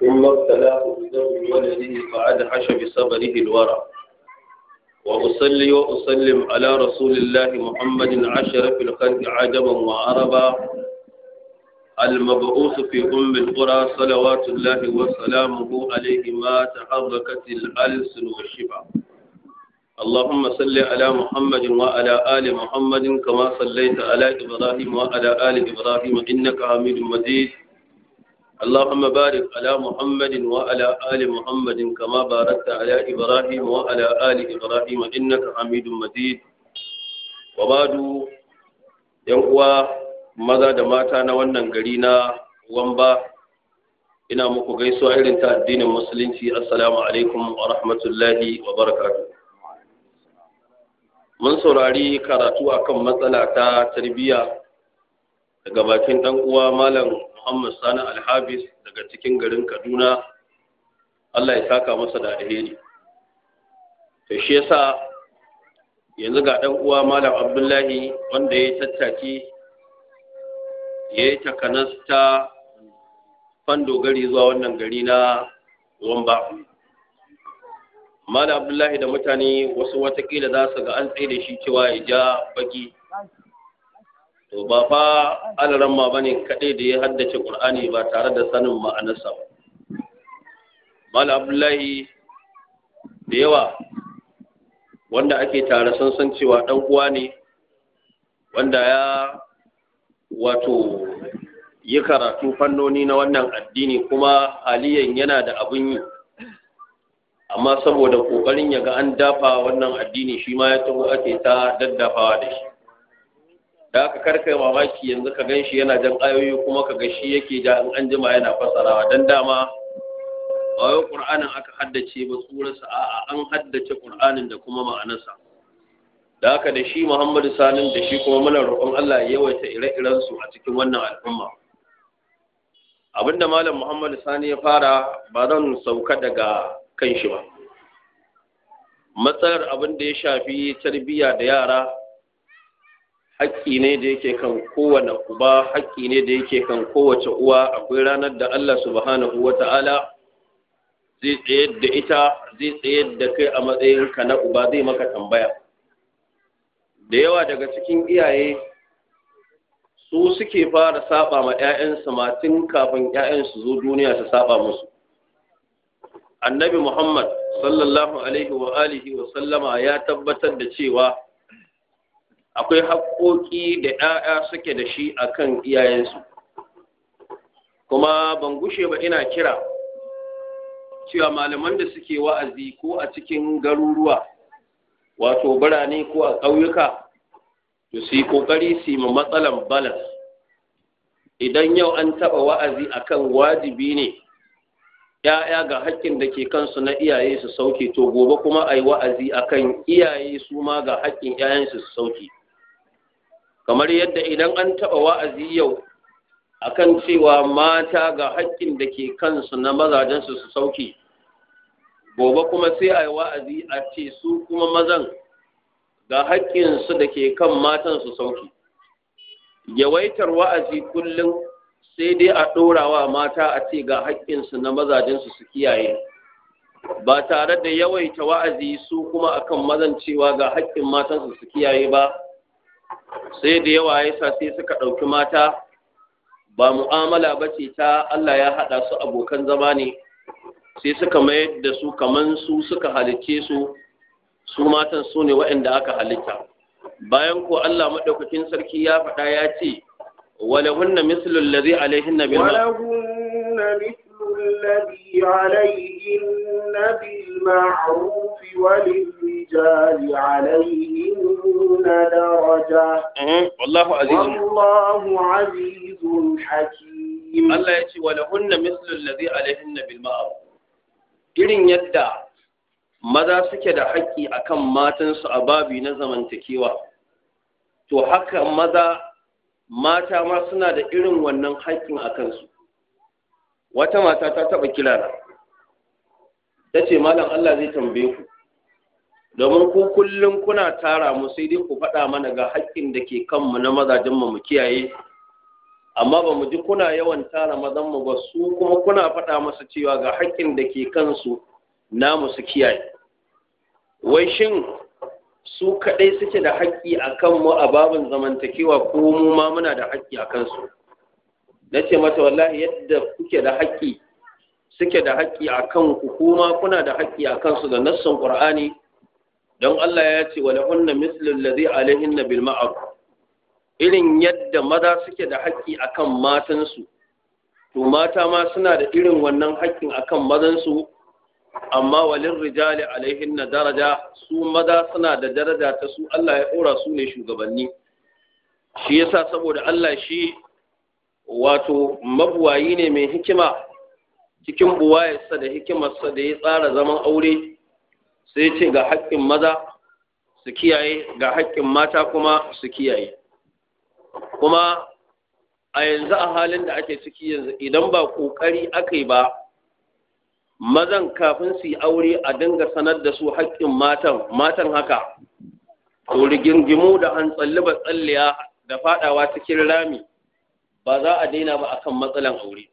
ثم ابتلاه بذنب ولده فأدهش بصبره الورع وأصلي وأسلم على رسول الله محمد عشر في الخلق عجبا وعربا المبعوث في أم القرى صلوات الله وسلامه عليه ما تحركت الألسن والشفع اللهم صل على محمد وعلى آل محمد كما صليت على إبراهيم وعلى آل إبراهيم إنك حميد مجيد اللهم بارك على محمد وعلى آل محمد كما باركت على إبراهيم وعلى آل إبراهيم إنك حميد مجيد وبعد ينقوى maza da mata na wannan gari na wamba ina muku gaisuwa irin ta addinin musulunci assalamu alaikum wa rahmatullahi wa barakatu mun saurari karatu akan matsala ta tarbiyya daga bakin dan uwa malam Muhammad Sani Alhabis daga cikin garin Kaduna Allah ya saka masa da alheri to shi yasa yanzu ga 'dan uwa Malam Abdullahi wanda ya tattaki ya yi takanasta fan dogari zuwa wannan gari na Wamba Malam Abdullahi da mutane wasu watakila za su ga an tsaye da shi cewa ya ja baki to ba fa alaran ma bane kaɗai da ya haddace ƙur'ani ba tare da sanin ma'anarsa ba mal abdullahi da yawa wanda ake tare sun san cewa ɗan uwa ne wanda ya wato yi karatu fannoni na wannan addini kuma haliyan yana da abin yi amma saboda ƙoƙarin ya ga an dafa wannan addini shi ma ya taho ake ta daddafawa da shi da aka karkai mamaki yanzu ka gan shi yana jan ayoyi kuma ka ga shi yake ja in an jima yana fasarawa dan dama ba ƙur'ani qur'anin aka haddace ba surarsa a'a an haddace qur'anin da kuma ma'anarsa da haka da shi Muhammadu Salim da shi kuma muna roƙon Allah ya yawaita ire-iren su a cikin wannan al'umma abinda malam Muhammadu Sani ya fara ba zan sauka daga kan shi ba matsalar abinda ya shafi tarbiyya da yara haƙƙi ne da yake kan kowane uba haƙƙi ne da yake kan kowace uwa akwai ranar da Allah subhanahu wata'ala zai tsaye da ita zai tsaye da kai a matsayin ka na uba zai maka tambaya da yawa daga cikin iyaye su suke fara saba ma 'ya'yansu matin kafin 'ya'yansu zo duniya su saba musu annabi muhammad sallallahu alaihi wa alihi wa sallama ya tabbatar da cewa akwai haƙoƙi da ‘ya'ya suke da shi a kan iyayensu kuma ban gushe ba ina kira cewa malaman da suke wa'azi ko a cikin garuruwa wato birane ko a ƙauyuka to su yi ƙoƙari su yi matsalan balas idan yau an taɓa wa'azi a kan wajibi ne ‘ya'ya ga haƙƙin da ke kansu na iyaye su sauke to gobe kuma a yi wa'azi a kan iyaye su ma ga haƙƙin ‘ya'yansu su sauke kamar yadda idan an taɓa wa'azi yau a kan cewa mata ga haƙƙin da ke kansu na mazajensu su sauke gobe kuma sai a yi wa'azi a ce su kuma mazan ga haƙƙinsu da ke kan matan su sauke yawaitar wa'azi kullum sai dai a ɗorawa mata a ce ga haƙƙinsu na mazajensu su kiyaye ba tare da yawaita wa'azi su kuma akan mazan cewa ga haƙƙin matansu su kiyaye ba sai da yawa ya sa sai suka ɗauki mata ba mu'amala ba ce ta Allah ya haɗa su abokan zama ne sai suka mayar da su kamar su suka halicce su su matan su ne waɗanda aka halitta bayan ko Allah maɗaukakin sarki ya faɗa ya ce walahunna mislul ladhi alaihinna bil ma'ruf مثل الذي عليهن بالمعروف وللرجال عليهن درجة والله عزيز والله عزيز حكيم الله يأتي ولهن مثل الذي عليهن بالمعروف irin yadda maza suke da haƙƙi akan matansu a babi na zamantakewa to haka maza mata ma suna da irin wannan haƙƙin a kansu wata mata ta taɓa kirana ta ce malam Allah zai tambaye ku domin ku kullum kuna tara mu sai dai ku faɗa mana ga haƙƙin da ke kanmu na mazajen mu kiyaye amma ba mu ji kuna yawan tara mazan mu ba su kuma kuna faɗa masa cewa ga haƙƙin da ke kansu namu su kiyaye wai shin su kaɗai suke da haƙƙi a kanmu a babin zamantakewa ko mu ma muna da haƙƙi a kansu na ce mata wallahi yadda kuke da haƙƙi suke da haƙƙi a kan ku kuma kuna da haƙƙi a kansu da nassan ƙur'ani don Allah ya ce Wani hunna mislul zai alaihin na bilma'ar irin yadda maza suke da haƙƙi akan matansu to mata ma suna da irin wannan haƙƙin akan mazansu amma walin rijali na daraja su maza suna da daraja ta su Allah ya ɗora su ne shugabanni shi yasa saboda Allah shi wato mabuwayi ne mai hikima cikin buwayarsa da hikimarsa da ya tsara zaman aure sai ce ga haƙƙin maza su kiyaye ga haƙƙin mata kuma su kiyaye kuma a yanzu a halin da ake ciki yanzu idan ba ƙoƙari aka yi ba mazan kafin su yi aure a dinga sanar da su haƙƙin matan matan haka to rigingimu da an tsalliba tsalliya da faɗawa cikin rami ba za a daina ba akan matsalan aure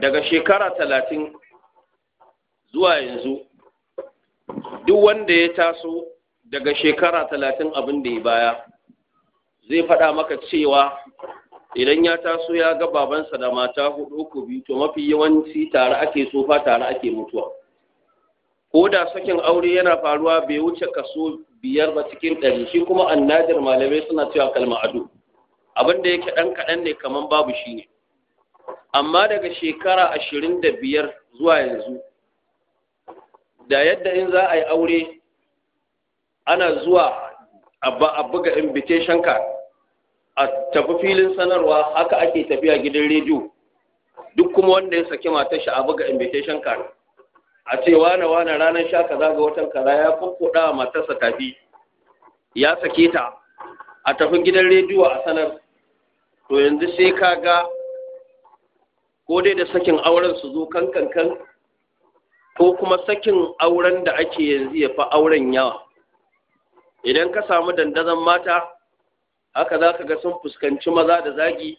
daga shekara talatin zuwa yanzu duk wanda ya taso daga shekara talatin abin da ya baya zai faɗa maka cewa idan ya taso ya ga babansa da mata hudu ko biyu to mafi yawanci tare ake tsofa tare ake mutuwa ko da sakin aure yana faruwa bai wuce kaso biyar ba cikin ɗari shi kuma annajar malamai suna cewa kalma ado abin da yake ɗan kaɗan ne kamar babu shi ne amma daga shekara ashirin da biyar zuwa yanzu da yadda in za a yi aure ana zuwa a buga invitation card a tafi filin sanarwa haka ake tafiya gidan rediyo duk kuma wanda ya saki matashi a buga invitation card a ce wane wane ranar sha kaza ga watan kaza ya kukkuɗa matarsa tafi ya sake ta a tafi gidan rediyo a sanar to yanzu sai ka ga ko dai da sakin auren su zo kankan ko kuma sakin auren da ake yanzu ya fi auren yawa idan ka samu dandazon mata haka za ka ga sun fuskanci maza da zagi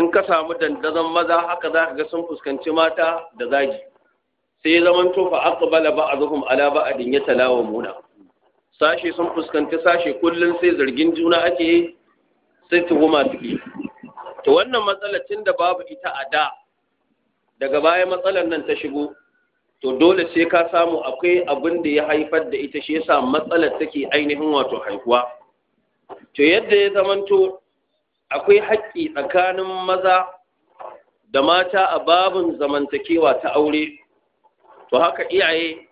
in ka samu dandazon maza haka za ka ga sun fuskanci mata da zagi sai zaman tofa a zuhun ala talawa muna sashe sun fuskanci sashe kullum sai zargin juna ake yi sai goma suke to wannan matsalar tun da babu ita a da daga baya matsalar nan ta shigo to dole sai ka samu akwai abin da ya haifar da ita shi yasa matsalar take ainihin wato haihuwa to yadda ya zamanto akwai haƙƙi tsakanin maza da mata a babin zamantakewa ta aure to haka iyaye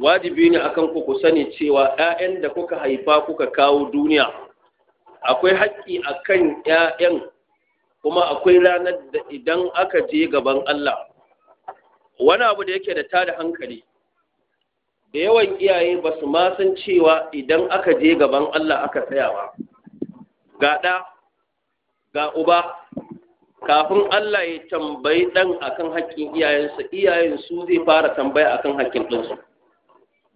wajibi ne akan ku ku sani cewa 'ya'yan da kuka haifa kuka kawo duniya akwai haƙƙi a kan ‘ya'yan kuma akwai ranar da idan aka je gaban Allah wani abu da yake da ta da hankali da yawan iyaye ba su masan cewa idan aka je gaban Allah aka tsaya ba ga ɗa ga uba kafin Allah ya tambayi ɗan akan haƙƙin iyayensa iyayensu zai fara tambaya akan haƙƙin ɗinsu.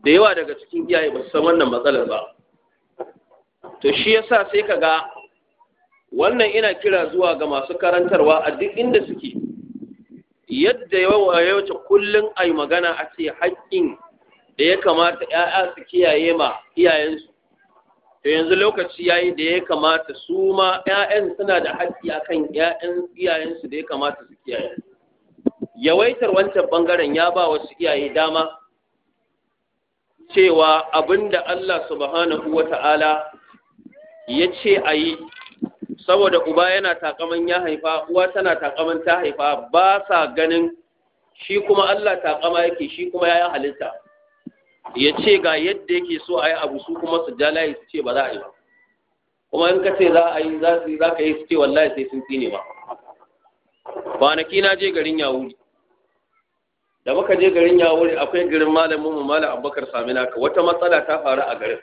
da yawa daga cikin iyaye ba su san wannan matsalar ba to shi yasa sai ka ga wannan ina kira zuwa ga masu karantarwa a duk inda suke yadda yawanci kullum a magana a ce haƙƙin da ya kamata ‘ya'ya su kiyaye ma iyayensu to yanzu lokaci yayi da ya kamata su ma ‘ya'yan suna da haƙƙi a kan iyayensu da ya kamata su kiyaye yawaitar wancan ɓangaren ya ba wasu iyaye dama cewa abinda Allah subhanahu wa ta'ala ya ce a yi saboda uba yana takaman ya haifa uwa tana takaman ta haifa ba sa ganin shi kuma Allah takama yake shi kuma ya halitta ya ce ga yadda yake so a yi abu su kuma su jalaye su ce ba za a yi ba kuma in ka ce za a yi za su za ka yi su ce wallahi sai sun tsine ba kwanaki na je garin yawuri da muka je garin yawuri akwai garin malamin mu malam abubakar saminaka wata matsala ta faru a garin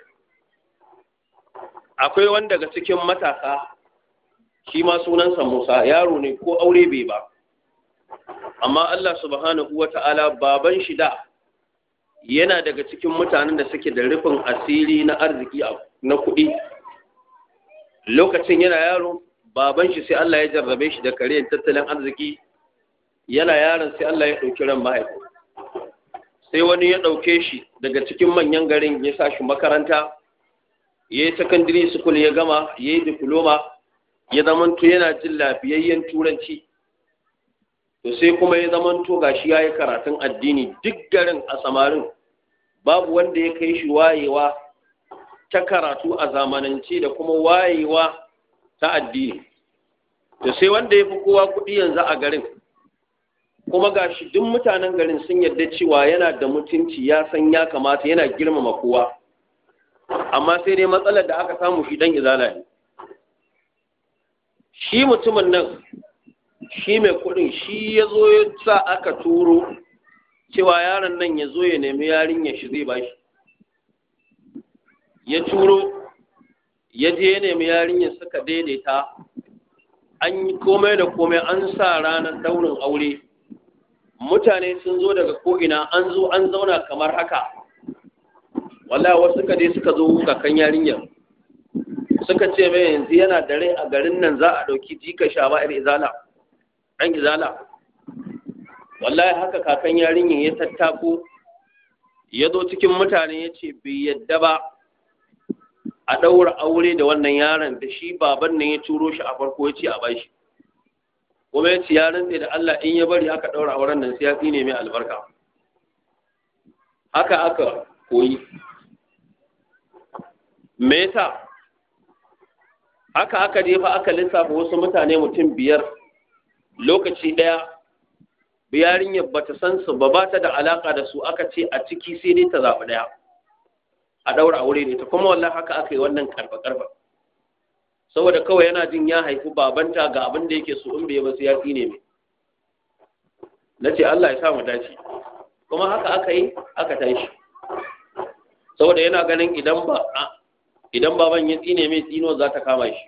akwai wanda daga cikin matasa shi ma sunansa Musa yaro ne ko aure bai ba amma Allah subhanahu Ta'ala baban shi da yana daga cikin mutanen da suke da rufin asiri na arziki na kuɗi lokacin yana yaro baban shi sai Allah ya jarrabe shi da kare tattalin arziki yana yaron sai Allah ya ɗauki ran mahaifi sai wani ya ɗauke shi daga cikin manyan garin ya sa shi makaranta ya yi secondary school ya gama ya yi diploma ya zamanto yana jin lafiyayyen turanci to sai kuma ya zamanto shi ya yi karatun addini duk garin a samarin babu wanda ya kai shi wayewa ta karatu a zamanance da kuma wayewa ta addini to sai wanda ya fi kowa kuɗi yanzu a garin kuma ga shi duk mutanen garin sun yarda cewa yana da mutunci ya san ya kamata yana girmama kowa amma sai dai matsalar da aka samu shi dan izala ne shi mutumin nan shi mai kudin shi ya zo ya sa aka turo cewa yaron nan ya zo ya nemi yarinya shi zai bashi ya turo ya je ya nemi yarinya suka daidaita an yi komai da komai an sa ranar daurin aure mutane sun zo daga ko'ina an zo an zauna kamar haka wala wasu suka dai suka zo kan yarinyar suka ce mai yanzu yana da rai a garin nan za a ɗauki jika shama'ir izala an izala wallahi haka kakan yarinyar ya tattako ya zo cikin mutane ya ce bai yadda ba a ɗaura aure da wannan yaron da shi baban nan ya turo shi a farko ya ce a bashi kuma ya ce ya rantse da Allah in ya bari haka ɗaura auren nan sai ya ne mai albarka haka aka koyi me yasa haka aka jefa aka lissafa wasu mutane mutum biyar lokaci ɗaya biyarin ya bata san su ba ba ta da alaka da su aka ce a ciki sai dai ta zaɓi ɗaya a ɗaura aure ne ta kuma wallahi haka aka yi wannan karfa karfa saboda kawai yana jin ya haifi babanta ga abin da yake su in bai ba su ya tsine mai na ce Allah ya sa mu dace kuma haka aka yi aka tashi saboda yana ganin idan ba idan baban ya tsine mai tsino za ta kama shi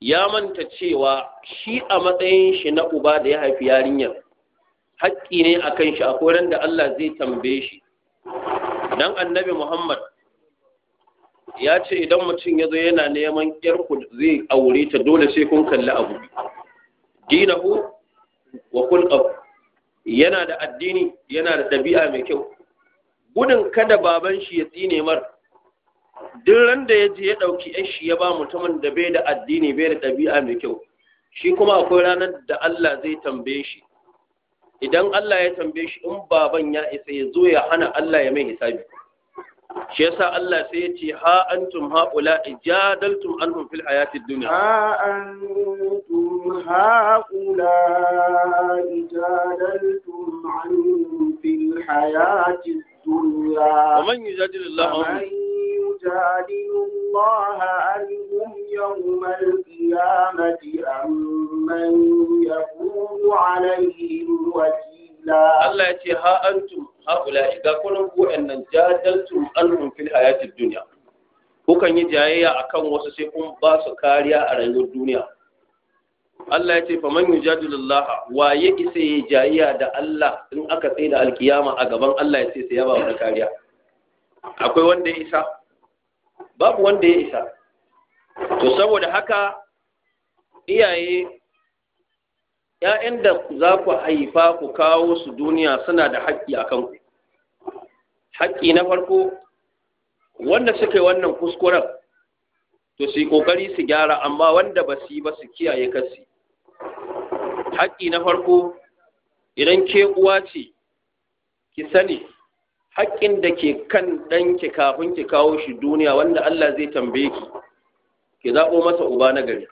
ya manta cewa shi a matsayin shi na uba da ya haifi yarinyar haƙƙi ne a kan shi a koren da Allah zai tambaye shi dan annabi Muhammad ya ce idan mutum ya zo yana neman ƙyarku zai aure ta dole sai kun kalli abu dinahu wa kulqahu yana da addini yana da ɗabi'a mai kyau gudun kada baban shi ya tsine mar duk ran da ya je ya ɗauki shi ya ba mutumin da bai da addini bai da ɗabi'a mai kyau shi kuma akwai ranar da Allah zai tambaye shi idan Allah ya tambaye shi in baban ya isa ya zo ya hana Allah ya mai hisabi shi yasa Allah sai ya ce ha antum haula jadaltum anhum fil hayatid dunya ha antum haula jadaltum anhum fil hayatid dunya ومن يجادل الله ومن يجادل الله عنهم يوم القيامة أم من يكون عليهم وكيلا Allah ya ce ha antum ha haula ga kunan ku annan jadaltum annum fil hayatid dunya kukan yi jayayya akan wasu sai kun ba su kariya a rayuwar duniya Allah ya ce fa man yujadilullah wa ya isa yi jayayya da Allah in aka tsaye da alkiyama a gaban Allah ya ce sai ya ba wa kariya akwai wanda ya isa babu wanda ya isa to saboda haka iyaye ‘ya'yan da za ku haifa ku kawo su duniya suna da haƙƙi a kanku. Haƙƙi na farko, wanda suka yi wannan kuskuren, to su yi ƙoƙari su gyara, amma wanda ba su yi ba su kiyaye kasi. Haƙƙi na farko, idan ke uwa ce, ki sani, haƙƙin da ke kan ɗanki kafin ki kawo shi duniya wanda Allah zai tambaye ki, ki zaɓo masa uba na gari.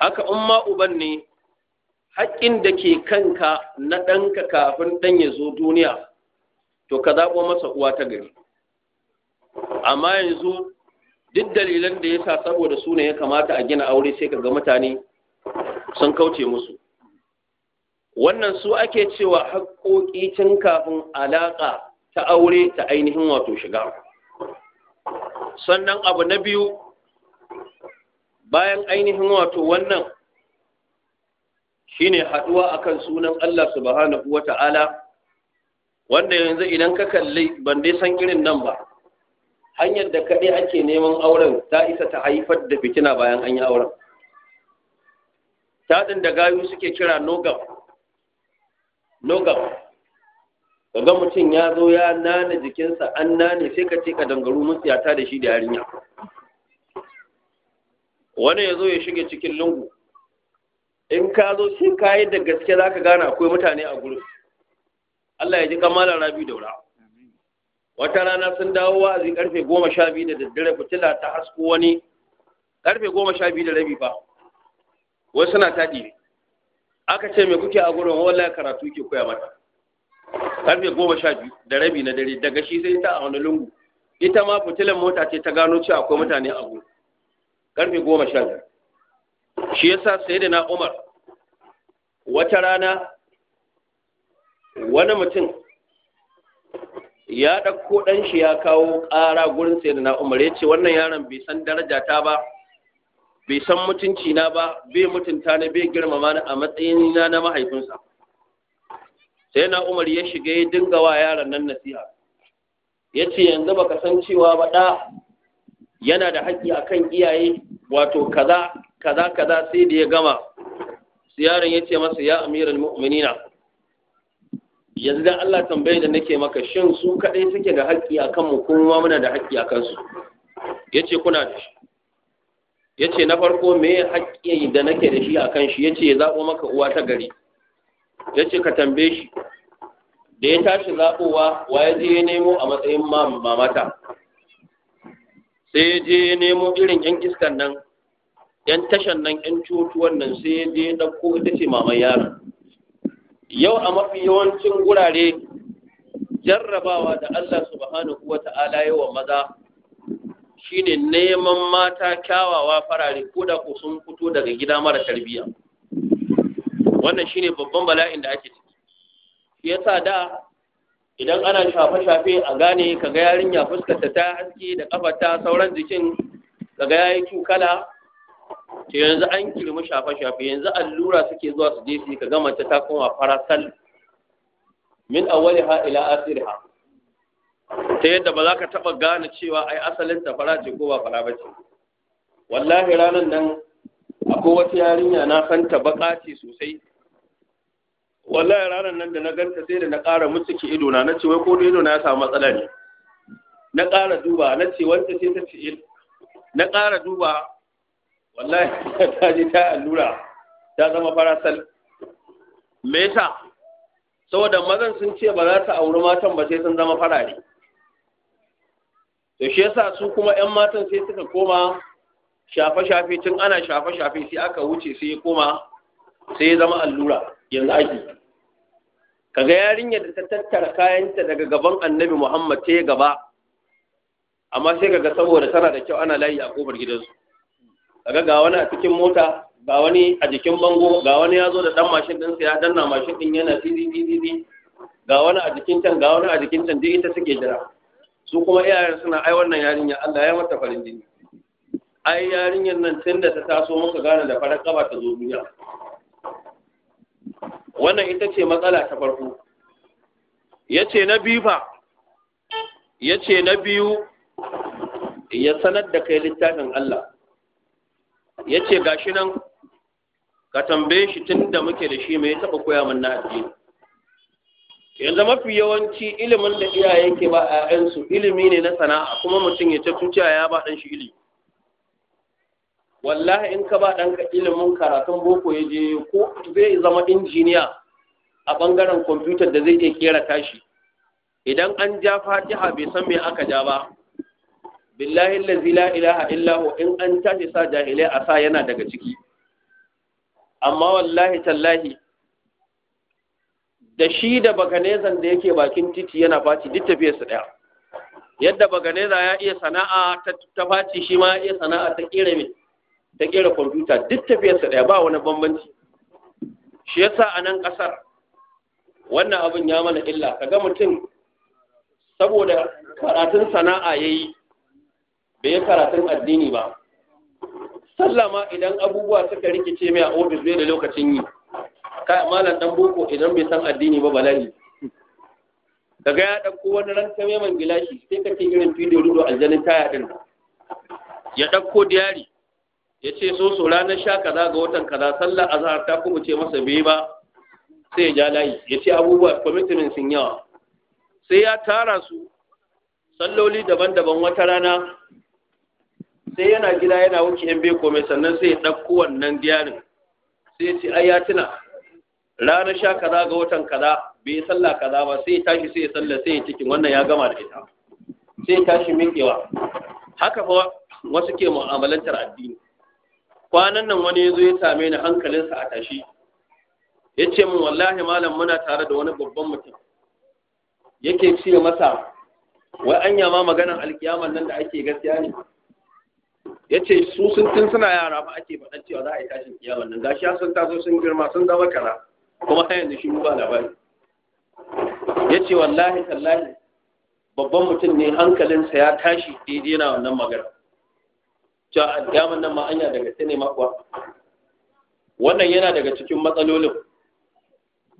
Haka in ma uban ne, haƙƙin da ke kanka na ɗanka kafin ɗan ya zo duniya to ka zaɓo masa uwa ta gari amma yanzu duk dalilan da ya sa saboda suna ya kamata a gina aure sai ka ga mutane sun kauce musu wannan su ake cewa haƙƙoƙi tun kafin alaƙa ta aure ta ainihin wato shiga sannan abu na biyu bayan ainihin wato wannan Shi shine haɗuwa akan sunan Allah subhanahu ta'ala wanda yanzu idan ka kalli ban dai san irin nan ba hanyar da kaɗai ake neman auren ta isa ta haifar da fitina bayan an yi auren taɗin da gayu suke kira nogam nogam ga mutum ya zo ya nana jikinsa an nane sai ka ce ka dangaru mutsiyata da shi da yarinya wani ya zo ya shiga cikin lungu in ka zo shi yi da gaske za ka gane akwai mutane a gurin Allah ya ji kamala rabi daura wata rana sun dawo wa'azi karfe goma sha biyu da daddare fitila ta hasko wani karfe goma sha biyu da rabi ba, wai suna taɗi aka ce me kuke a gurin wallahi karatu ke koya mata karfe goma sha biyu da rabi na dare daga shi sai ta a wani lungu ita ma fitilan mota ce ta gano cewa akwai mutane a gurin karfe goma sha biyu shi yasa na Umar wata rana wani mutum ya ɗauko ɗan shi ya kawo ƙara gurin da na Umar ya ce wannan yaron bai san daraja ta ba bai san mutunci na ba bai mutunta ni bai girmama ni a matsayin na na mahaifinsa sai na umar ya shiga ya dinga wa yaron nan nasiha ya ce yanzu baka san cewa ba ɗa yana da haƙƙi akan iyaye wato kaza kaza kaza sai da ya gama yaron ya ce masa ya amiran mu'minina yanzu dan Allah tambaye da nake maka shin su kadai suke da haƙƙi akan mu kuma muna da haƙƙi akan su yace kuna da shi yace na farko me haƙƙi da nake da shi akan shi yace ya zabo maka uwa ta gari yace ka tambaye shi da ya tashi zabowa wa ya je nemo a matsayin mamata sai ya je nemo irin yan iskan nan yan tashan nan yan cutu wannan sai ya je ya ɗauko ita ce maman yaron yau a mafi yawancin wurare, jarrabawa da Allah subhanahu wa ta'ala yi wa maza shine neman mata kyawawa farare ko da ko sun fito daga gida mara tarbiyya wannan shine babban bala'in da ake ciki shi yasa da idan ana shafe-shafe a gane kaga yarinya fuskarta ta haske da ta sauran jikin kaga yayi kala? to yanzu an kirmi shafe-shafe yanzu allura suke zuwa su je su ka gama ta koma sal min awali ha ila ha. ta yadda ba za ka taba gane cewa ai asalin ta fara ce ko ba fara ba ce wallahi ranar nan akwai wata yarinya na santa baka ce sosai wallahi ranar nan da na ganta sai da na ƙara mutuki ido na nace wai ko da ido na ya samu matsala ne na ƙara duba na ce wanda sai ta ce na ƙara duba wallahi ta ji ta allura ta zama farasal me yasa saboda mazan sun ce ba za ta auri matan ba sai sun zama farare to shi yasa su kuma yan matan sai suka koma shafe-shafe tun ana shafe-shafe sai aka wuce sai ya koma sai ya zama allura yanzu ake kaga yarinyar da ta tattara kayanta daga gaban annabi muhammad ta gaba amma sai kaga saboda tana da kyau ana layi a kofar gidansu kaga ga wani a cikin mota ga wani a jikin bango ga wani ya zo da dan mashin din ya danna mashin din yana didi ga wani a jikin can ga wani a jikin can duk ita suke jira su kuma iyayen suna ai wannan yarinya Allah ya mata farin jini ai yarinyar nan tun da ta taso muka gane da farin kaba ta zo duniya wannan ita ce matsala ta farko ya ce na biyu fa ya ce na biyu ya sanar da kai littafin Allah ya ce ga shi nan ka tambaye shi tun da muke da shi mai taɓa koya min na addini yanzu mafi yawanci ilimin da iyaye ke ba a yansu ilimi ne na sana'a kuma mutum ya tafi ya ba ɗan shi ilimi wallahi in ka ba ɗanka ilimin karatun boko ya je ko zai zama injiniya a ɓangaren kwamfutar da zai iya kera tashi idan an ja fatiha bai san me aka ja ba billahi allazi la ilaha illa in an tashi sa jahilai a sa yana daga ciki amma wallahi tallahi da shi da baganezan da yake bakin titi yana faci duk tafiyar su daya yadda baganeza ya iya sana'a ta faci shi ma ya iya sana'a ta kera mai ta kera kwamfuta duk tafiyar su daya ba wani bambanci shi yasa a nan kasar wannan abin ya mana illa Ka ga mutum saboda karatun sana'a yayi bai yi karatun addini ba sallah ma idan abubuwa suka rikice mai a ofis bai da lokacin yi kai malam dan boko idan bai san addini ba bala'i daga ya ɗauko wani ran kame man gilashi sai ka ce irin fidiyo rudo aljanin taya din ya ɗauko diyari ya ce so so ranar sha kaza ga watan kaza sallar azhar ta kuma ce masa bai ba sai ya ja layi ya ce abubuwa commitment sun yawa sai ya tara su salloli daban-daban wata rana sai yana gida yana wuce yan beko komai sannan sai ya ɗauko wannan diyarin sai ya ce ai ya tuna ranar sha kaza ga watan kaza bai sallah kaza ba sai ya tashi sai ya sallah sai ya cikin wannan ya gama da ita sai ya tashi miƙewa haka fa wasu ke mu'amalantar addini kwanan nan wani ya zo ya same ni hankalinsa a tashi ya ce min wallahi malam muna tare da wani babban mutum yake ce masa wai anya ma maganar alkiyamar nan da ake gaskiya ne ya ce su sun tun suna yara ba ake faɗan cewa za a yi tashin kiyama nan gashi sun taso sun girma sun zama kara kuma ta yanzu shi ba labari ya ce wallahi tallahi babban mutum ne hankalinsa ya tashi daidai na wannan magana cewa addaman nan ma daga ta ne makuwa wannan yana daga cikin matsalolin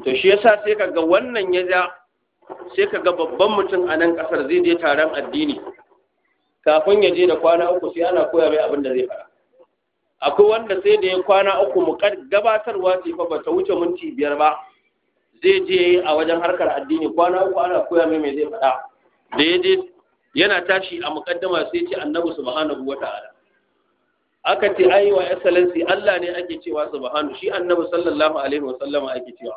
to shi yasa sai kaga wannan ya ja sai kaga babban mutum a nan kasar zai je taron addini kafin ya je da kwana uku sai ana koya mai abin da zai fara akwai wanda sai da ya kwana uku mu gabatarwa ce fa ba ta wuce minti biyar ba zai je a wajen harkar addini kwana uku ana koya mai mai zai fara da ya je yana tashi a mukaddama sai ce annabi subhanahu wata'ala aka ce ai wa excellency Allah ne ake cewa subhanahu shi annabi sallallahu alaihi wasallama ake cewa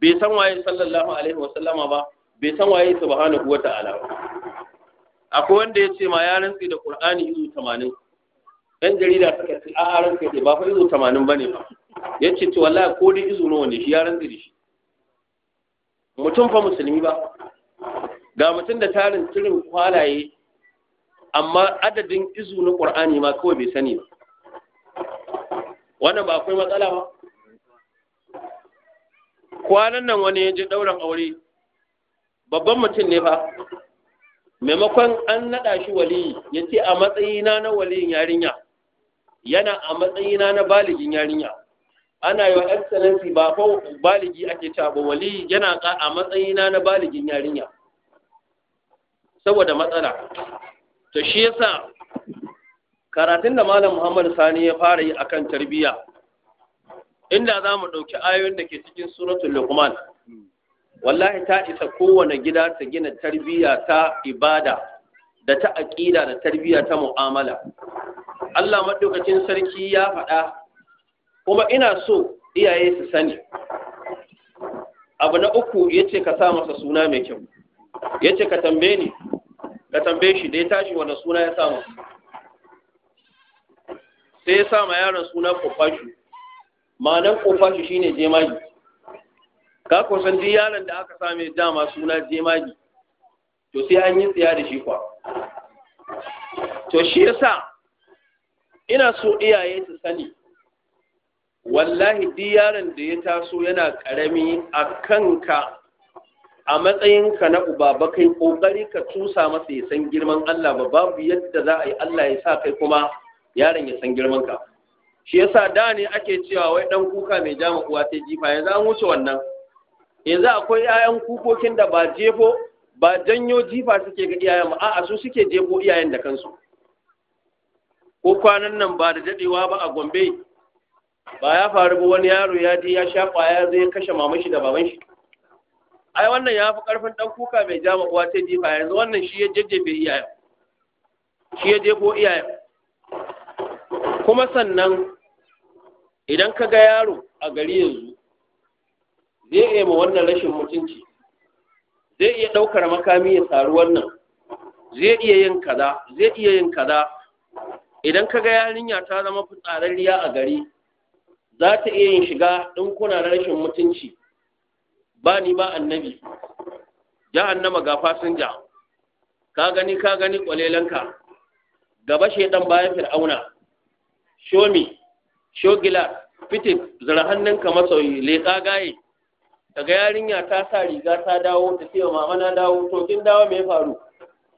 bai san waye sallallahu alaihi wasallama ba bai san waye subhanahu wata'ala ba akwai wanda ya ce ma ya rantsi da qur'ani izu tamanin. ɗan jarida suka ce a rantsi da ba fa izu tamanin ba ne ba ya ce ce wallahi ko dai izu nawa ne shi ya rantsi da shi mutum fa musulmi ba ga mutum da tarin tirin kwalaye amma adadin izu na qur'ani ma kawai bai sani ba wannan ba akwai matsala ba kwanan nan wani ya je ɗaurin aure babban mutum ne ba. maimakon an naɗa shi waliyi ya ce a matsayina na waliyin yarinya yana a matsayina na baligin yarinya ana yi wa excellency ba fa baligi ake taɓa, ba waliyi yana a matsayina na baligin yarinya saboda matsala to shi yasa karatun da malam Muhammad Sani ya fara yi akan tarbiyya inda za mu ɗauki ayoyin da ke cikin suratul Luqman wallahi ta isa kowane gida ta gina tarbiyya ta ibada da ta aƙida da tarbiyya ta mu'amala Allah maɗaukacin sarki ya faɗa kuma ina so iyaye su sani abu na uku ya ce ka sa masa suna mai kyau ya ce ka tambaye ni ka tambaye shi da ya tashi wanda suna ya sa sai ya sa ma yaron suna kofashi Manan kofashi shine jemagi ka kusan duk yaron da aka same dama suna jemagi to sai an yi tsiya da shi kwa to shi yasa ina so iyaye su sani wallahi duk yaron da ya taso yana karami a kanka a matsayinka na uba ba kai kokari ka tusa masa ya san girman Allah ba babu yadda za a yi Allah ya sa kai kuma yaron ya san girman ka shi yasa da ne ake cewa wai dan kuka mai jama uwa sai jifa yanzu an wuce wannan yanzu akwai 'ya'yan kukokin da ba jefo ba janyo jifa suke ga iyayen ba a'a su suke jefo iyayen da kansu ko kwanan nan ba da dadewa ba a Gombe ba ya faru ba wani yaro ya je ya sha kwaya zai kashe maman shi da baban shi ai wannan ya fi karfin dan kuka mai jama uwa sai jifa yanzu wannan shi ya jejjefe iyayen shi ya jefo iyayen kuma sannan idan ka ga yaro a gari yanzu zai iya ma wannan rashin mutunci zai iya ɗaukar makami ya taru wannan zai iya yin kaza zai iya yin kaza idan ka ga yarinya ta zama fitsararriya a gari za ta iya yin shiga ɗinkuna na rashin mutunci ba ni ba annabi nama ga fasinja ka gani ka gani kwalelanka gaba shaidan bayan fir'auna shomi shogila fitit zira hannunka masoyi leƙa gaye kaga yarinya ta sa riga ta dawo ta ce mama na dawo to kin dawo me faru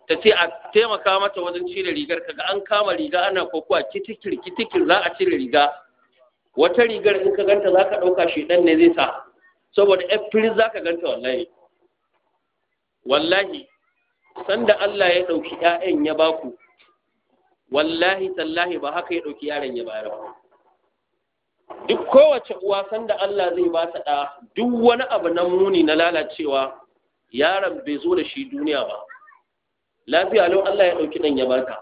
ta ce a taimaka mata wajen cire rigar kaga an kama riga ana kokuwa kitikir kitikir za a cire riga wata rigar in ka ganta za ka ɗauka shedan ne zai sa saboda april za ka ganta wallahi wallahi sanda Allah ya ɗauki ‘ya'yan ya baku wallahi tallahi ba haka ya ɗauki yaron ya bayar ba duk kowace uwa sanda Allah zai ba ta ɗa duk wani abu na muni na lalacewa yaron bai zo da shi duniya ba lafiya lau Allah ya ɗauki ɗan ya bata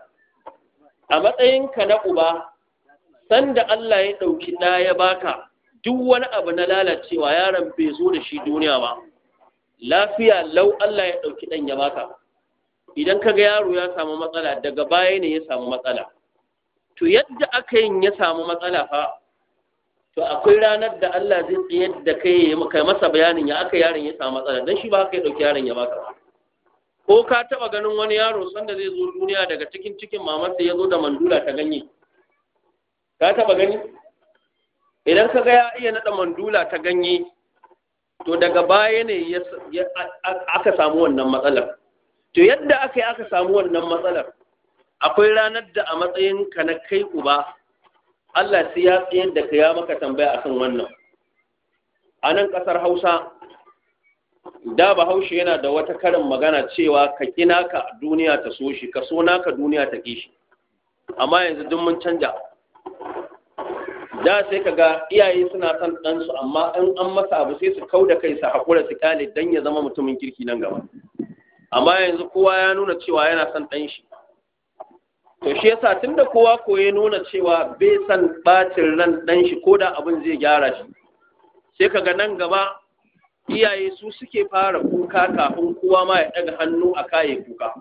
a matsayinka na uba sanda Allah ya ɗauki ɗa ya baka duk wani abu na lalacewa yaron bai zo da shi duniya ba lafiya lau Allah ya ɗauki ɗan ya baka idan kaga yaro ya samu matsala daga baya ne ya samu matsala to yadda aka yin ya samu matsala fa to akwai ranar da Allah zai tsayar da kai ya kai masa bayanin ya aka yaron ya samu matsala dan shi ba haka ya dauki yaron ya baka ko ka taba ganin wani yaro sanda zai zo duniya daga cikin cikin mamarsa ya zo da mandula ta ganye ka taba gani idan ka ga ya iya nada mandula ta ganye to daga baya ne aka samu wannan matsalar to yadda aka yi aka samu wannan matsalar akwai ranar da a matsayin ka na kai uba Allah sai ya tsayar da ka ya maka tambaya akan wannan a nan ƙasar hausa da bahaushe yana da wata karin magana cewa ka kina ka duniya ta so shi ka so naka duniya ta ki shi amma yanzu duk mun canja da sai ka ga iyaye suna son ɗansu amma in an masa abu sai su kau da kai su haƙura su kyale don ya zama mutumin kirki nan gaba amma yanzu kowa ya nuna cewa yana son ɗan shi to shi yasa da kowa koye nuna cewa bai san bacin ran dan shi ko da abin zai gyara shi sai kaga nan gaba iyaye su suke fara kuka kafin kowa ma ya daga hannu a kai kuka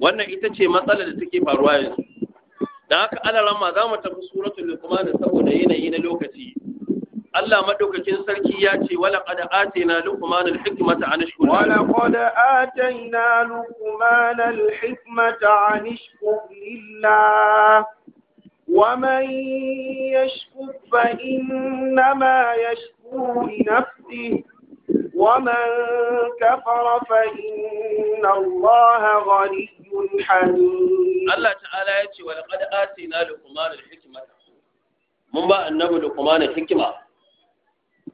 wannan ita ce matsalar da take faruwa yanzu da haka alalama za mu tafi suratul luqman saboda yanayi na lokaci الله مدوكتين ياتي ولقد آتينا لقمان الحكمة عن شكر ولقد آتينا لقمان الحكمة عن شكر لله ومن يشكر فإنما يشكر لنفسه ومن كفر فإن الله غني حميد الله تعالى ياتي ولقد آتينا لقمان الحكمة من أنه لقمان الحكمة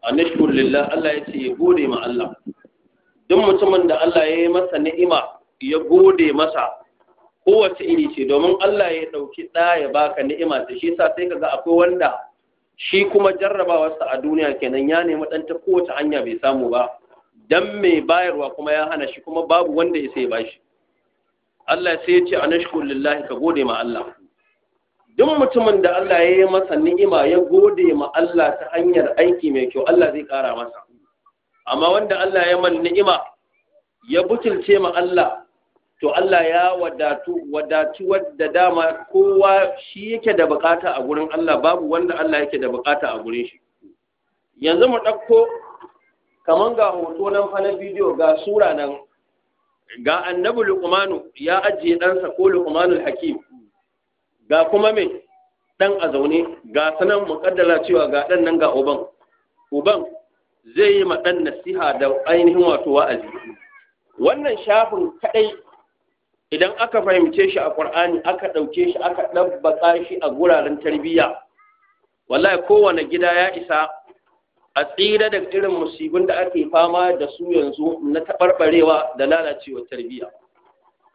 a nashkur lillah Allah ya ce ya gode ma Allah duk mutumin da Allah ya yi masa ni'ima ya gode masa kowace iri ce domin Allah ya ɗauki ɗaya ya baka ni'ima da shi sa sai kaga akwai wanda shi kuma sa a duniya kenan ya nemi dan ta kowace hanya bai samu ba dan mai bayarwa kuma ya hana shi kuma babu wanda ya sai bashi Allah sai ya ce a nashkur lillah ka gode ma Allah duk mutumin da Allah ya yi masa ni'ima ya gode ma Allah ta hanyar aiki mai kyau Allah zai ƙara masa amma wanda Allah ya man ni'ima ya butulce ma Allah to Allah ya wadatu wadatu wadda dama kowa shi yake da bukata a gurin Allah babu wanda Allah yake da bukata a gurin shi yanzu mu ɗauko kaman ga hoto nan fa na bidiyo ga sura nan ga annabi luqmanu ya ajiye ɗansa ko luqmanul hakim ga kuma me ɗan a zaune ga sanan muƙaddala cewa ga ɗan nan ga uban uban zai yi ma ɗan nasiha da ainihin wato wa'azi wannan shafin kaɗai idan aka fahimce shi a ƙur'ani aka ɗauke shi aka ɗabbaƙa shi a guraren tarbiyya wallahi kowane gida ya isa a tsira da irin musibin da ake fama da su yanzu na taɓarɓarewa da lalacewar tarbiyya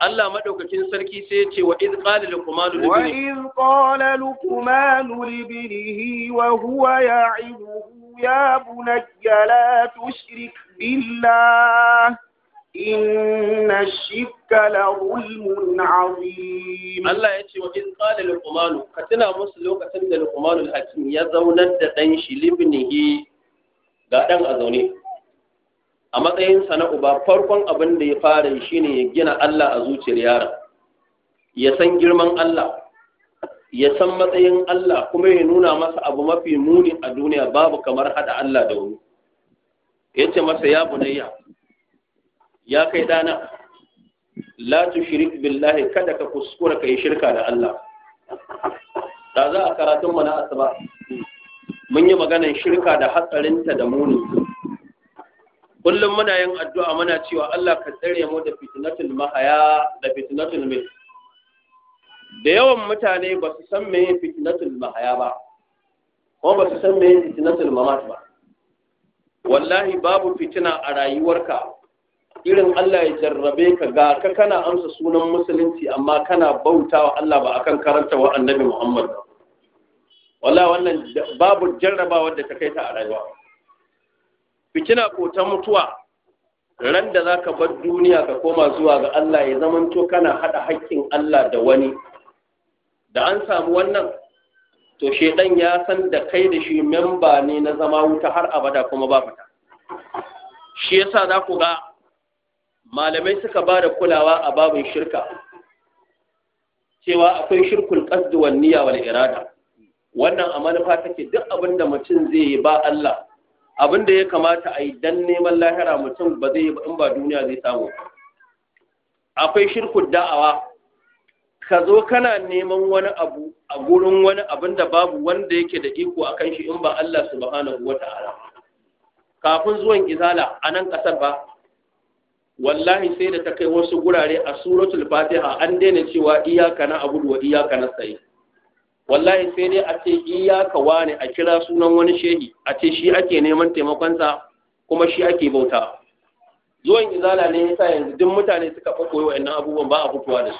Allah madaukakin sarki sai ya ce wa iz qala luqman li wa iz qala luqman li binihi wa huwa ya'iduhu ya bunayya la tushrik billah inna shirka la zulmun azim Allah ya ce wa iz qala luqman ka tuna musu lokacin da luqman al-hakim ya zaunar da dan shi libnihi ga dan a zaune a matsayinsa na uba farkon abin da ya fara shi ne ya gina Allah a zuciyar yara ya san girman Allah ya san matsayin Allah kuma ya nuna masa abu mafi muni a duniya babu kamar hada Allah da wani ya ce masa ya bunayya ya kai dana la shirik billahi kada ka kuskura yi shirka da Allah da za a karatunmu na asuba mun yi maganar shirka da hatsarinta da muni. kullum muna yin addu'a muna cewa Allah ka tsare mu da fitnatul mahaya da fitnatul mil da yawan mutane ba su san me fitnatul mahaya ba kuma ba su san me fitnatul mamat ba wallahi babu fitina a rayuwarka irin Allah ya jarrabe ka ga ka kana amsa sunan musulunci amma kana bautawa Allah ba akan karanta wa annabi Muhammad wallahi wannan babu jarrabawa da ta kai ta a rayuwa Bikina ko mutuwa ran da za ka bar duniya ka koma zuwa ga Allah ya zamanto kana haɗa haƙƙin Allah da wani da an samu wannan to shaidan ya san da kai da shi memba ne na zama wuta har abada kuma ba fita shi yasa za ku ga malamai suka ba da kulawa a babin shirka cewa akwai shirkul qasd wal niyya wal irada wannan a manufa take duk abinda da mutum zai yi ba Allah abin da ya kamata a yi don neman lahira mutum ba zai yi in ba duniya zai samu akwai shirkun da'awa ka zo kana neman wani abu a gurin wani abin da babu wanda yake da iko a kan shi in ba Allah subhanahu wa ta'ala kafin zuwan izala a nan ƙasar ba wallahi sai da ta kai wasu gurare a suratul fatiha an daina cewa iyaka na abudu wa iyaka na sayi wallahi sai dai a ce iyaka wane a kira sunan wani shehi a ce shi ake neman taimakonsa kuma shi ake bauta zuwan izala ne yasa yanzu duk mutane suka fa koyo wa'annan abubuwan ba a fitowa da su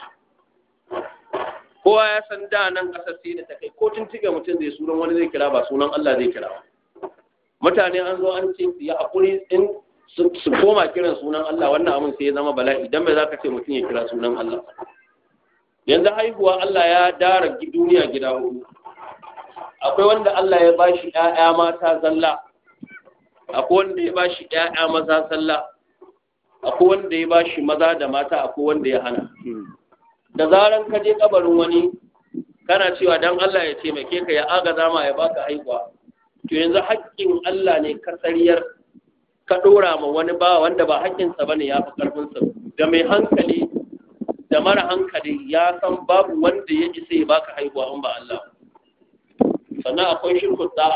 kowa ya san da nan kasar sai da ta kai ko tuntuga mutum zai sunan wani zai kira ba sunan Allah zai kira mutane an zo an ce ya hakuri in su koma kiran sunan Allah wannan abin sai ya zama bala'i dan me ka ce mutum ya kira sunan Allah yanzu haihuwa Allah ya dara duniya gida hudu akwai wanda Allah ya ba shi ‘ya'ya mata zalla akwai wanda ya ba shi ‘ya'ya maza zalla akwai wanda ya ba shi maza da mata akwai wanda ya hana da zaran ka je kabarin wani kana cewa dan Allah ya taimake ka ya agaza zama ya baka haihuwa to yanzu haƙƙin Allah ne ka tsariyar ka ɗora ma wani ba wanda ba haƙƙinsa ba ne ya fi ƙarfinsa da mai hankali da mara hankali ya san babu wanda ya isa ya baka haihuwa in ba Allah sannan akwai shirku da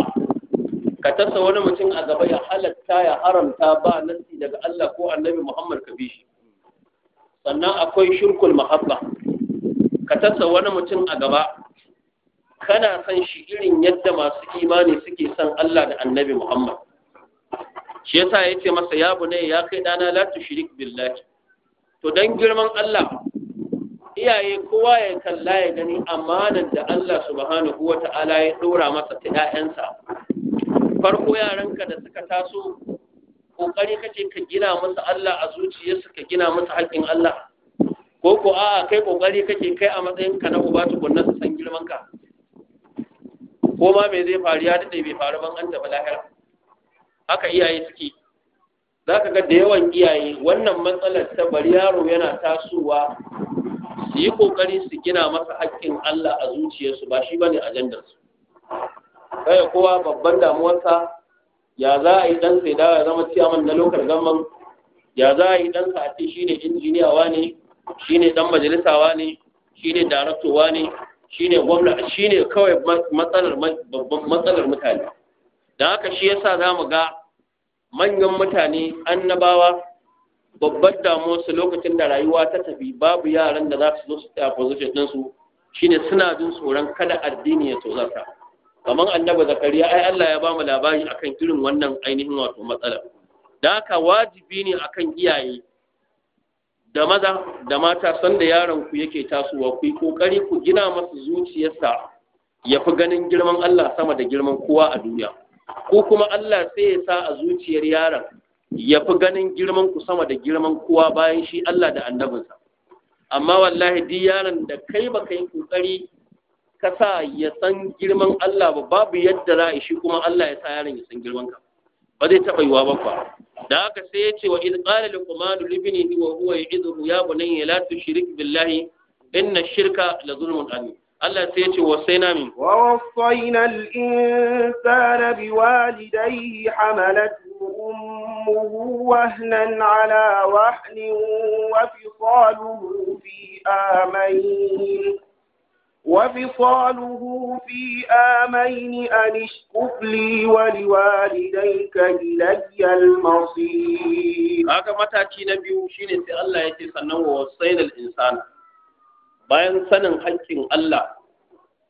ka tasa wani mutum a gaba ya halatta ya haramta ba nasi daga Allah ko annabi Muhammad ka bi shi sannan akwai shirkul mahabba ka tasa wani mutum a gaba kana san shi irin yadda masu imani suke son Allah da annabi Muhammad shi yasa yace masa ya bune ya kai dana la tushrik billahi to dan girman Allah iyaye kowa ya kalla ya gani amanan da Allah subhanahu wa ta'ala ya dora masa ta ‘ya'yansa farko yaranka da suka taso ƙoƙari kake ka gina masa Allah a zuciyarsu ka gina masa haƙƙin Allah ko ko a'a kai ƙoƙari kake kai a matsayinka na uba tukunna su san girmanka ko ma me zai faru ya daɗe bai faru ban an tafi lahira haka iyaye suke za ka ga da yawan iyaye wannan matsalar ta bari yaro yana tasowa su yi kokari su gina masa haƙƙin Allah a zuciyarsu ba shi bane ajandar su kai kowa babban damuwarsa ya za a yi dan sai da ya zama ciyaman na lokar gamman ya za a yi dan sa a ce shine injiniya wane shine dan majalisa wane shine director wane shine gwamna shine kawai matsalar babban matsalar mutane dan haka shi yasa zamu ga manyan mutane annabawa babbar su lokacin da rayuwa ta tafi babu yaran da za su zo su tsaya position ɗinsu shine suna jin tsoron kada addini ya tozarta kamar annabi zakariya ai Allah ya bamu labari akan irin wannan ainihin wato matsala da haka wajibi ne akan iyaye da maza da mata sanda yaron ku yake tasowa ku yi kokari ku gina masa zuciyarsa ya fi ganin girman Allah sama da girman kowa a duniya ko kuma Allah sai ya sa a zuciyar yaron ya fi ganin girman ku sama da girman kowa bayan shi Allah da annabinsa amma wallahi duk yaron da kai baka yi kokari ka sa ya san girman Allah ba babu yadda za a shi kuma Allah ya sa yaron ya san girman ka ba zai taɓa yiwa ba fa da haka sai ya ce wa in qala luqman li wa huwa ya'idhu ya bunayya la tushrik billahi inna shirka la zulmun azim Allah sai ya ce wasaina min wa wasaina al-insana biwalidayhi hamalat أمه وهنا على وهن وفصاله في آمين وفصاله في آمين أن اشكف لي ولوالديك إلي المصير هذا متاكي نبي وشين في الله يتسنى ووصينا الإنسان bayan sanin haƙƙin Allah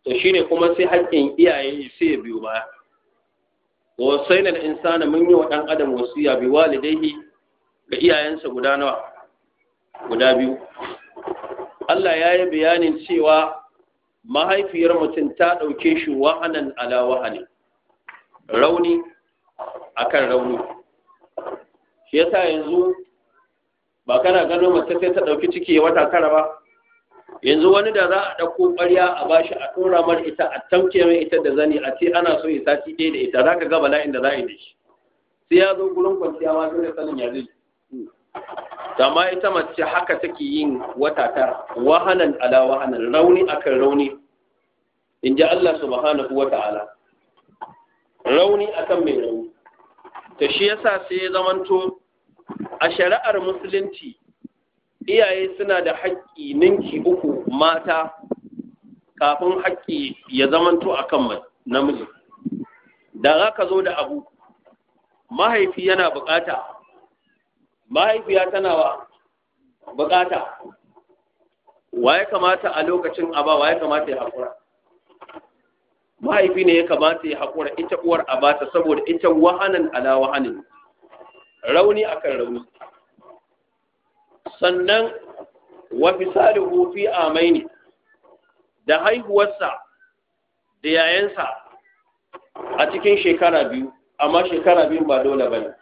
to shine kuma sai haƙƙin iyaye sai ya biyo baya wasaina da insana mun yi wa ɗan adam wasiya bi walidaihi ga iyayensa guda nawa guda biyu Allah ya yi bayanin cewa mahaifiyar mutum ta ɗauke shi wa'anan ala wa'ani rauni akan rauni shi yasa yanzu ba kana gano mace sai ta ɗauki ciki wata tara ba yanzu wani da za a ɗauko ƙwarya a ba shi, a ɗora mar ita a tamke mai ita da zani a ce ana so ya sati ɗaya da ita za ka gaba la'in da za a yi da shi sai ya zo gurin kwanciya ma zai sanin ya zai amma ita mace haka take yin wata ta wahanan ala wahanan rauni akan rauni in ji Allah subhanahu wa ta'ala rauni akan mai rauni ta shi yasa sai ya zamanto a shari'ar musulunci iyaye suna da haƙƙi ninki uku mata kafin haƙƙi ya zamanto a kan namiji da za ka zo da abu mahaifi yana buƙata mahaifiya tana wa buƙata wa ya kamata a lokacin aba wa ya kamata ya haƙura mahaifi ne ya kamata ya haƙura ita uwar abata saboda ita wahanan ala wahanin rauni akan rauni sannan wa fisalihu fi amaini da haihuwarsa da yayansa a cikin shekara biyu amma shekara biyu ba dole ne.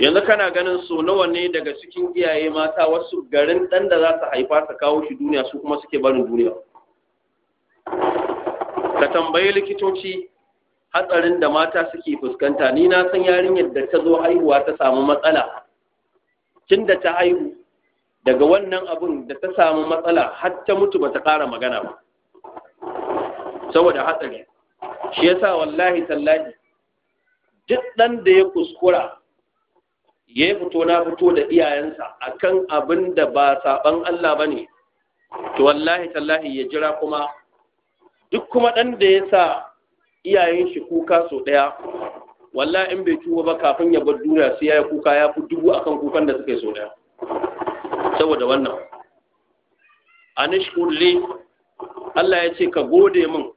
yanzu kana ganin so nawa ne daga cikin iyaye mata wasu garin ɗan da za su haifa ta kawo shi duniya su kuma suke barin duniya ka tambayi likitoci hatsarin da mata suke fuskanta ni na san yarinyar da ta zo haihuwa ta samu matsala tun da ta haihu daga wannan abun da ta samu matsala har ta mutu ba ta ƙara magana ba saboda hatsari shi ya sa wallahi tallahi duk ɗan da ya kuskura ya yi fito na fito da iyayensa akan abin da ba saɓan Allah ba ne to wallahi tallahi ya jira kuma duk kuma ɗan da ya sa iyayen shi kuka so ɗaya Walla in bai tuba ba kafin ya bar duniya sai ya kuka ya fi dubu akan kukan da suka so daya saboda wannan anishkur li Allah ya ce ka gode min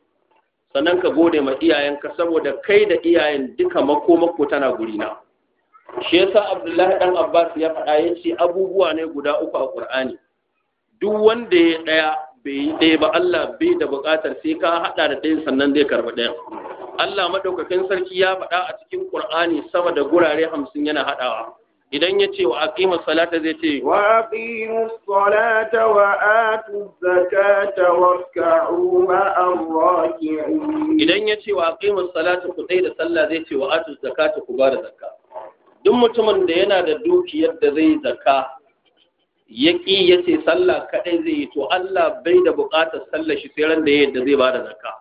sannan ka gode ma iyayenka saboda kai da iyayen duka mako tana gurina shi yasa abdullahi dan abbas ya faɗa ya ce abubuwa ne guda uku a qur'ani duk wanda ya ɗaya bai yi ɗaya ba Allah bai da buƙatar sai ka haɗa da ɗayan sannan zai karɓi ɗayan Allah madaukakin sarki ya faɗa a cikin Qur'ani sama da gurare 50 yana hadawa idan ya ce wa aqima salata zai ce wa aqimu salata wa atu zakata warka'u ma'ar raki'in idan ya ce wa aqimu salata ku tsaya da sallah zai ce wa atu zakata ku ba da zakka duk mutumin da yana da dukiyar da zai zakka ya ƙi ya ce sallah kaɗai zai yi to Allah bai da buƙatar sallah shi sai ran da yadda zai ba da zakka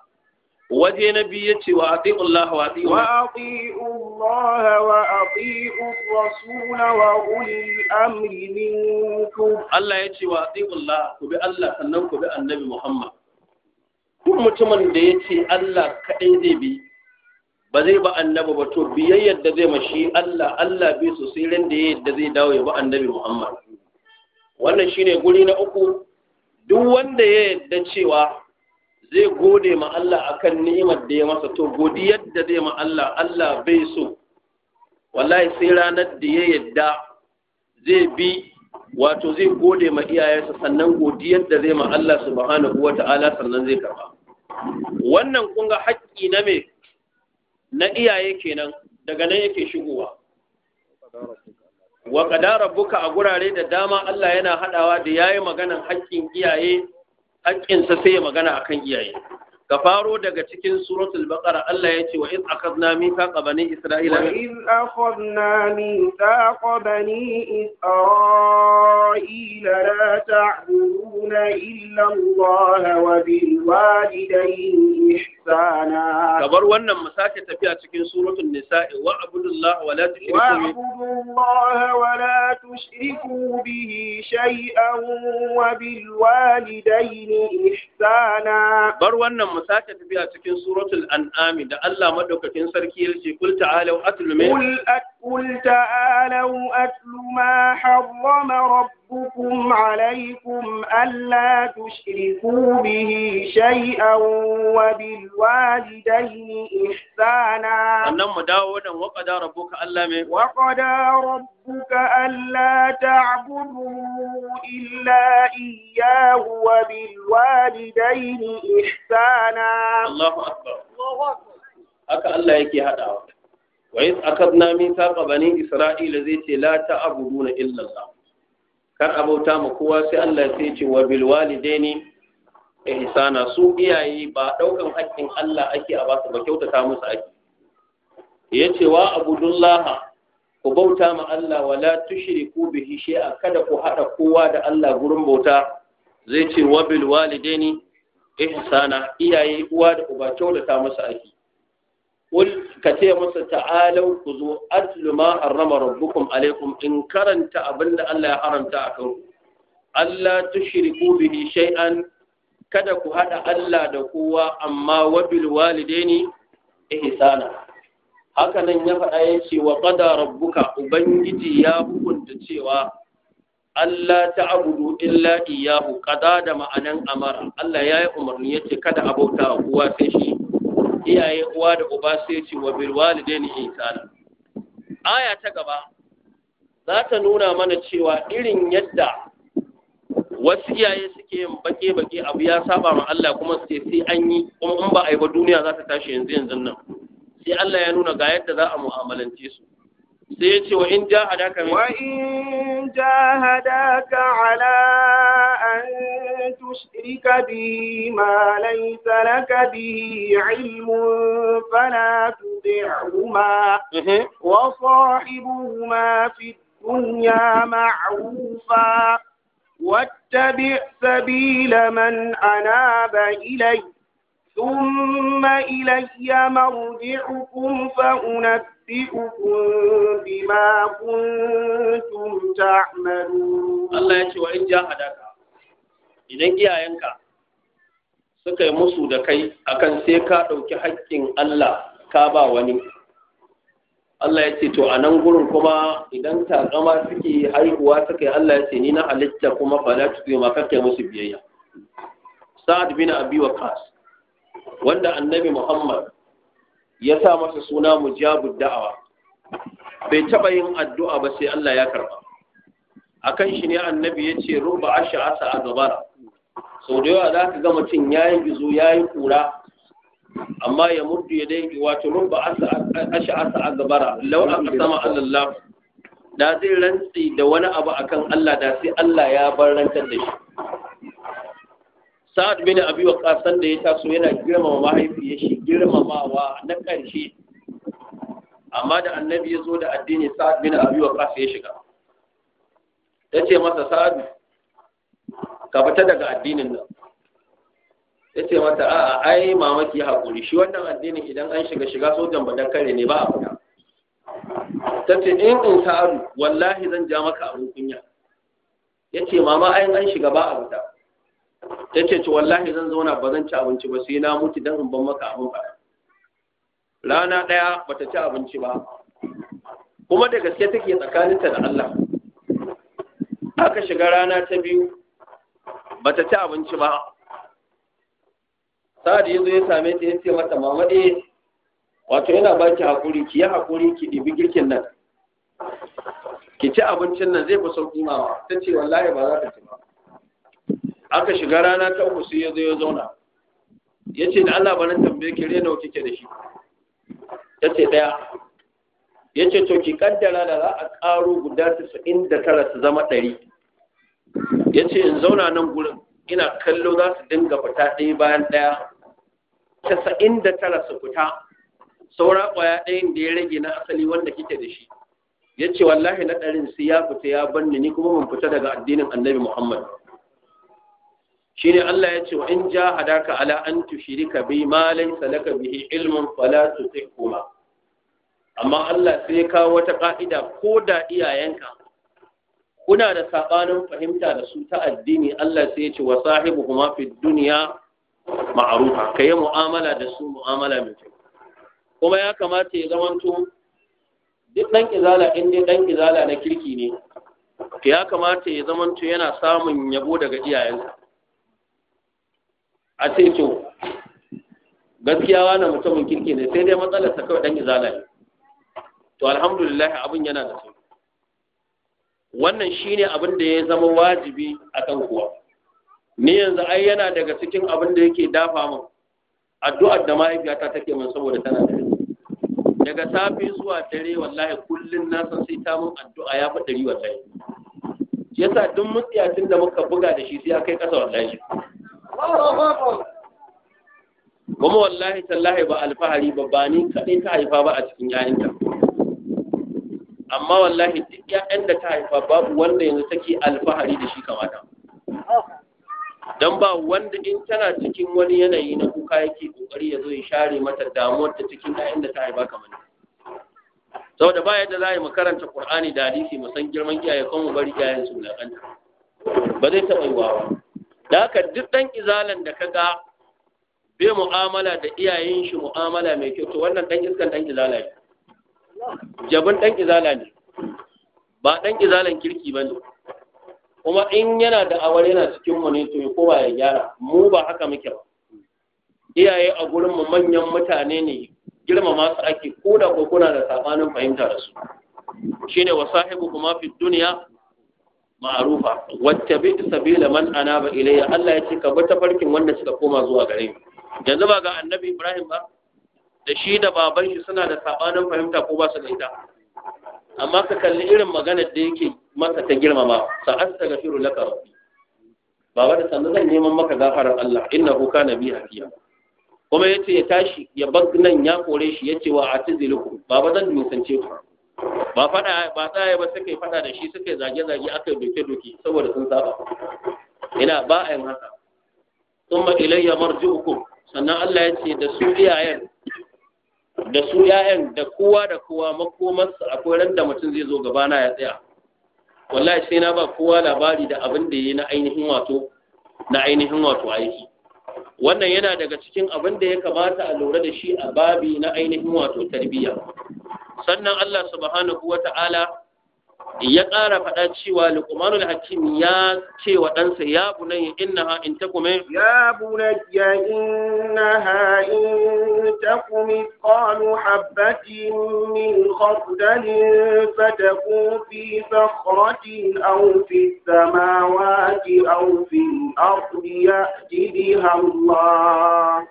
waje na biyu ya ce wa ati Allah wa ati wa ati Allah wa ati wa Allah ya ce wa ati Allah ku bi Allah sannan ku bi Annabi Muhammad duk mutumin da ya ce Allah kadai zai bi ba zai ba annabi ba to biyayyar da zai mashi Allah Allah bi su sai ran da yadda zai dawo ya ba annabi Muhammad wannan shine guri na uku duk wanda ya yadda cewa zai gode ma Allah akan ni'imar da ya masa to godiyar da zai ma Allah Allah bai so wallahi sai ranar da ya yadda zai bi wato zai gode ma iyayensa sannan godiyar da zai ma Allah subhanahu wata'ala sannan zai karba wannan kun ga haƙƙi na me na iyaye kenan daga nan yake shigowa wa qadara buka a gurare da dama Allah yana hadawa da yayi maganan haƙƙin iyaye haƙƙinsa sai ya magana a kan iyaye ka faro daga cikin suratul baqara Allah ya ce wa iz akhadna mithaqa bani isra'ila wa iz akhadna mithaqa bani isra'ila la ta'buduna illa Allah wa bil walidayni ihsana kabar wannan mu sake tafiya cikin suratul nisa'i wa abudullah wa la tushriku wa abudullah wa la tushriku bihi shay'an wa bil walidayni ihsana bar wannan mu sake tafiya cikin suratul an'ami da Allah madaukakin sarki ya kul ta'alu atlu min kul قل تعالوا أتل ما حرم ربكم عليكم ألا تشركوا به شيئا وبالوالدين إحسانا أنهم وقد ربك ألا وقد ربك ألا تعبدوا إلا إياه وبالوالدين إحسانا الله أكبر الله أكبر أكا الله يكي هذا wa iz akadna mithaqa bani isra'ila zai ce la ta'buduna illa Allah kar abauta ma kowa sai Allah sai ce wa bil walidaini ihsana su iyaye ba daukan haƙƙin Allah ake a basu ba kyautata musu ake yace wa abudullah ku bauta ma Allah wala tushriku bihi shay'a kada ku hada kowa da Allah gurin bauta zai ce wa bil walidaini ihsana iyaye uwa da uba kyautata musu ake Kul ka ce musu ta'alau ku zo atlu ma harrama rabbukum alaikum in karanta abinda Allah ya haramta a kan Allah tushriku bihi shay'an kada ku haɗa Allah da kowa amma wa bil walidaini ihsana haka nan ya faɗa ya ce wa qada rabbuka ubangiji ya hukunta cewa Allah ta'budu illa iyyahu qada da ma'anan amara Allah ya yi umarni yace kada abauta kowa sai iyaye uwa da uba sai ce wa bil walidaini ihsana aya ta gaba za ta nuna mana cewa irin yadda wasu iyaye suke yin bake bake abu ya saba ma Allah kuma suke sai an yi kuma in ba a yi ba duniya za ta tashi yanzu yanzu nan sai Allah ya nuna ga yadda za a mu'amalance su sai ya ce wa in jahadaka wa in jahadaka ala an تشرك به ما ليس لك به علم فلا تطعهما وصاحبهما في الدنيا معروفا واتبع سبيل من أناب إلي ثم إلي مرجعكم فأنبئكم بما كنتم تعملون الله يشوى إن جاهدك idan iyayenka suka yi musu da kai akan sai ka ɗauki haƙƙin Allah ka ba wani Allah ya ce to a nan gurin kuma idan zama suke haihuwa suka yi Allah ya ce ni na halitta kuma ba za tuqi ma kake musu biyayya Sa'ad bin Abi Waqqas wanda Annabi Muhammad ya sa masa suna mujabud da'awa bai taɓa yin addu'a ba sai Allah ya karɓa akan shi ne Annabi ya ce ruba asa a gabara sau da yawa za ka ga mutum ya yi gizo ya yi kura amma ya murdu ya dai wato rubba asha asa a gabara lau a sama Allah da zai rantsi da wani abu akan Allah da sai Allah ya bar rantar da shi sa'ad bin abi Kasan da ya taso yana girmama mahaifiyar shi girmamawa na ƙarshe amma da annabi ya zo da addini sa'ad bin abi waqas ya shiga Ta ce masa sa'ad ka fita daga addinin nan ya ce mata a'a ai mamaki haƙuri shi wannan addinin idan an shiga shiga sojan ba kare ne ba a fita ta ce in in sa'adu wallahi zan ja maka abin kunya ya ce mama ai an shiga ba a fita ta ce ci wallahi zan zauna ba zan ci abinci ba sai na mutu don in ban maka abin ba rana ɗaya ba ta ci abinci ba kuma da gaske take tsakaninta da Allah aka shiga rana ta biyu Ba ta ci abinci ba sa'ad ya zo ya same ta ya ce mata mama eh wato yana ki hakuri ki yi hakuri ki ɗibi girkin nan ki ci abincin nan zai fi sauƙi ma ta ce wallahi ba za ta ci ba aka shiga rana ta uku sai ya zo ya zauna ya ce da Allah bana tambaye ki rena ke da shi ya ce ɗaya ya ce to ki kaddara da za a ƙaro guda su da tara su zama ɗari ya ce in zauna nan gurin ina kallo za su dinga fita ɗaya bayan ɗaya casa'in da tara su fita saura ƙwaya ɗayan da ya rage na asali wanda kike da shi ya ce wallahi na ɗarin su ya fita ya banni ni kuma mun fita daga addinin annabi muhammad shi ne allah ya ce wa in ja hadaka ala an tushirika bi ma laysa laka bihi ilmun fala kuma. amma allah sai ya kawo wata ka'ida ko da iyayenka kuna da sabanin fahimta da su ta addini Allah sai ya ce wa sahibuhuma duniya dunya ma'rufa kai mu'amala da su mu'amala mai kyau kuma ya kamata ya zamanto duk dan izala in dai dan izala na kirki ne ya kamata ya zamanto yana samun yabo daga iyayensa a ce to gaskiya wannan mutumin kirki ne sai dai matsalarsa kawai dan izala ne to alhamdulillah abin yana da su wannan shine abin da ya zama wajibi akan kowa ni yanzu ai yana daga cikin abin da yake dafa min addu'ar da mahaifiyata take min saboda tana da daga safi zuwa dare wallahi kullun na san sai ta mun addu'a ya fi dari wallahi yasa duk mutsiyacin da muka buga da shi sai akai kasa wallahi kuma wallahi tallahi ba alfahari ba ba ni kaɗai ta haifa ba a cikin 'ya'yanta. amma wallahi duk ƴaƴan da ta haifa babu wanda yanzu take alfahari da shi kamata dan ba wanda in tana cikin wani yanayi na kuka yake kokari ya zo ya share mata damuwar ta cikin ƴaƴan da ta haifa kamar saboda ba yadda za a yi makaranta Qur'ani da hadisi mu san girman iyaye kuma mu bari iyayen su kanta ba zai taɓa yi wawa da haka duk ɗan izalan da ka ga bai mu'amala da iyayen shi mu'amala mai kyau to wannan ɗan iskan ɗan izala jabin ɗan izala ne ba ɗan izalan kirki ba ne kuma in yana da awar yana cikin mu ne to ya kowa ya gyara mu ba haka muke ba iyaye a gurin mu manyan mutane ne girmama su ake ko da ko kuna da sabanin fahimta da su shine wa sahibu kuma fi Ma'arufa. ma'rufa wattabi sabila man anaba ilayya Allah ya ce ka bi tafarkin wanda suka koma zuwa gare ni yanzu ba ga annabi Ibrahim ba da shi da baban shi suna da sabanin fahimta ko ba su da ita amma ka kalli irin maganar da yake masa ta girmama sa astaghfiru laka rabbi baba da sanda zan neman maka gafarar Allah innahu kana bi hafiya kuma yace ya tashi ya bag nan ya kore shi yace wa atizilukum baba zan nisance ku ba fada ba tsaye ba suka fada da shi suka zage zage aka doke doke saboda sun saba ina ba ayin yin haka kuma ilayya marji'ukum sannan Allah yace da su iyayen da su ‘ya'yan da kowa da kowa makomansu akwai ran da mutum zai zo gaba gabana ya tsaya wallahi sai na ba kowa labari da abin da ya na ainihin wato na ainihin wato aiki wannan yana daga cikin abin da ya kamata a lura da shi a babi na ainihin wato tarbiyya sannan Allah subhanahu wata'ala ya ƙara faɗa cewa luqmanul hakim ya ce wa ɗansa ya bunayya innaha in takume ya bunayya innaha in takumi qalu habatin min khardalin fatakun fi sakhratin aw fi samawati aw fi al-ardi ya'ti biha Allah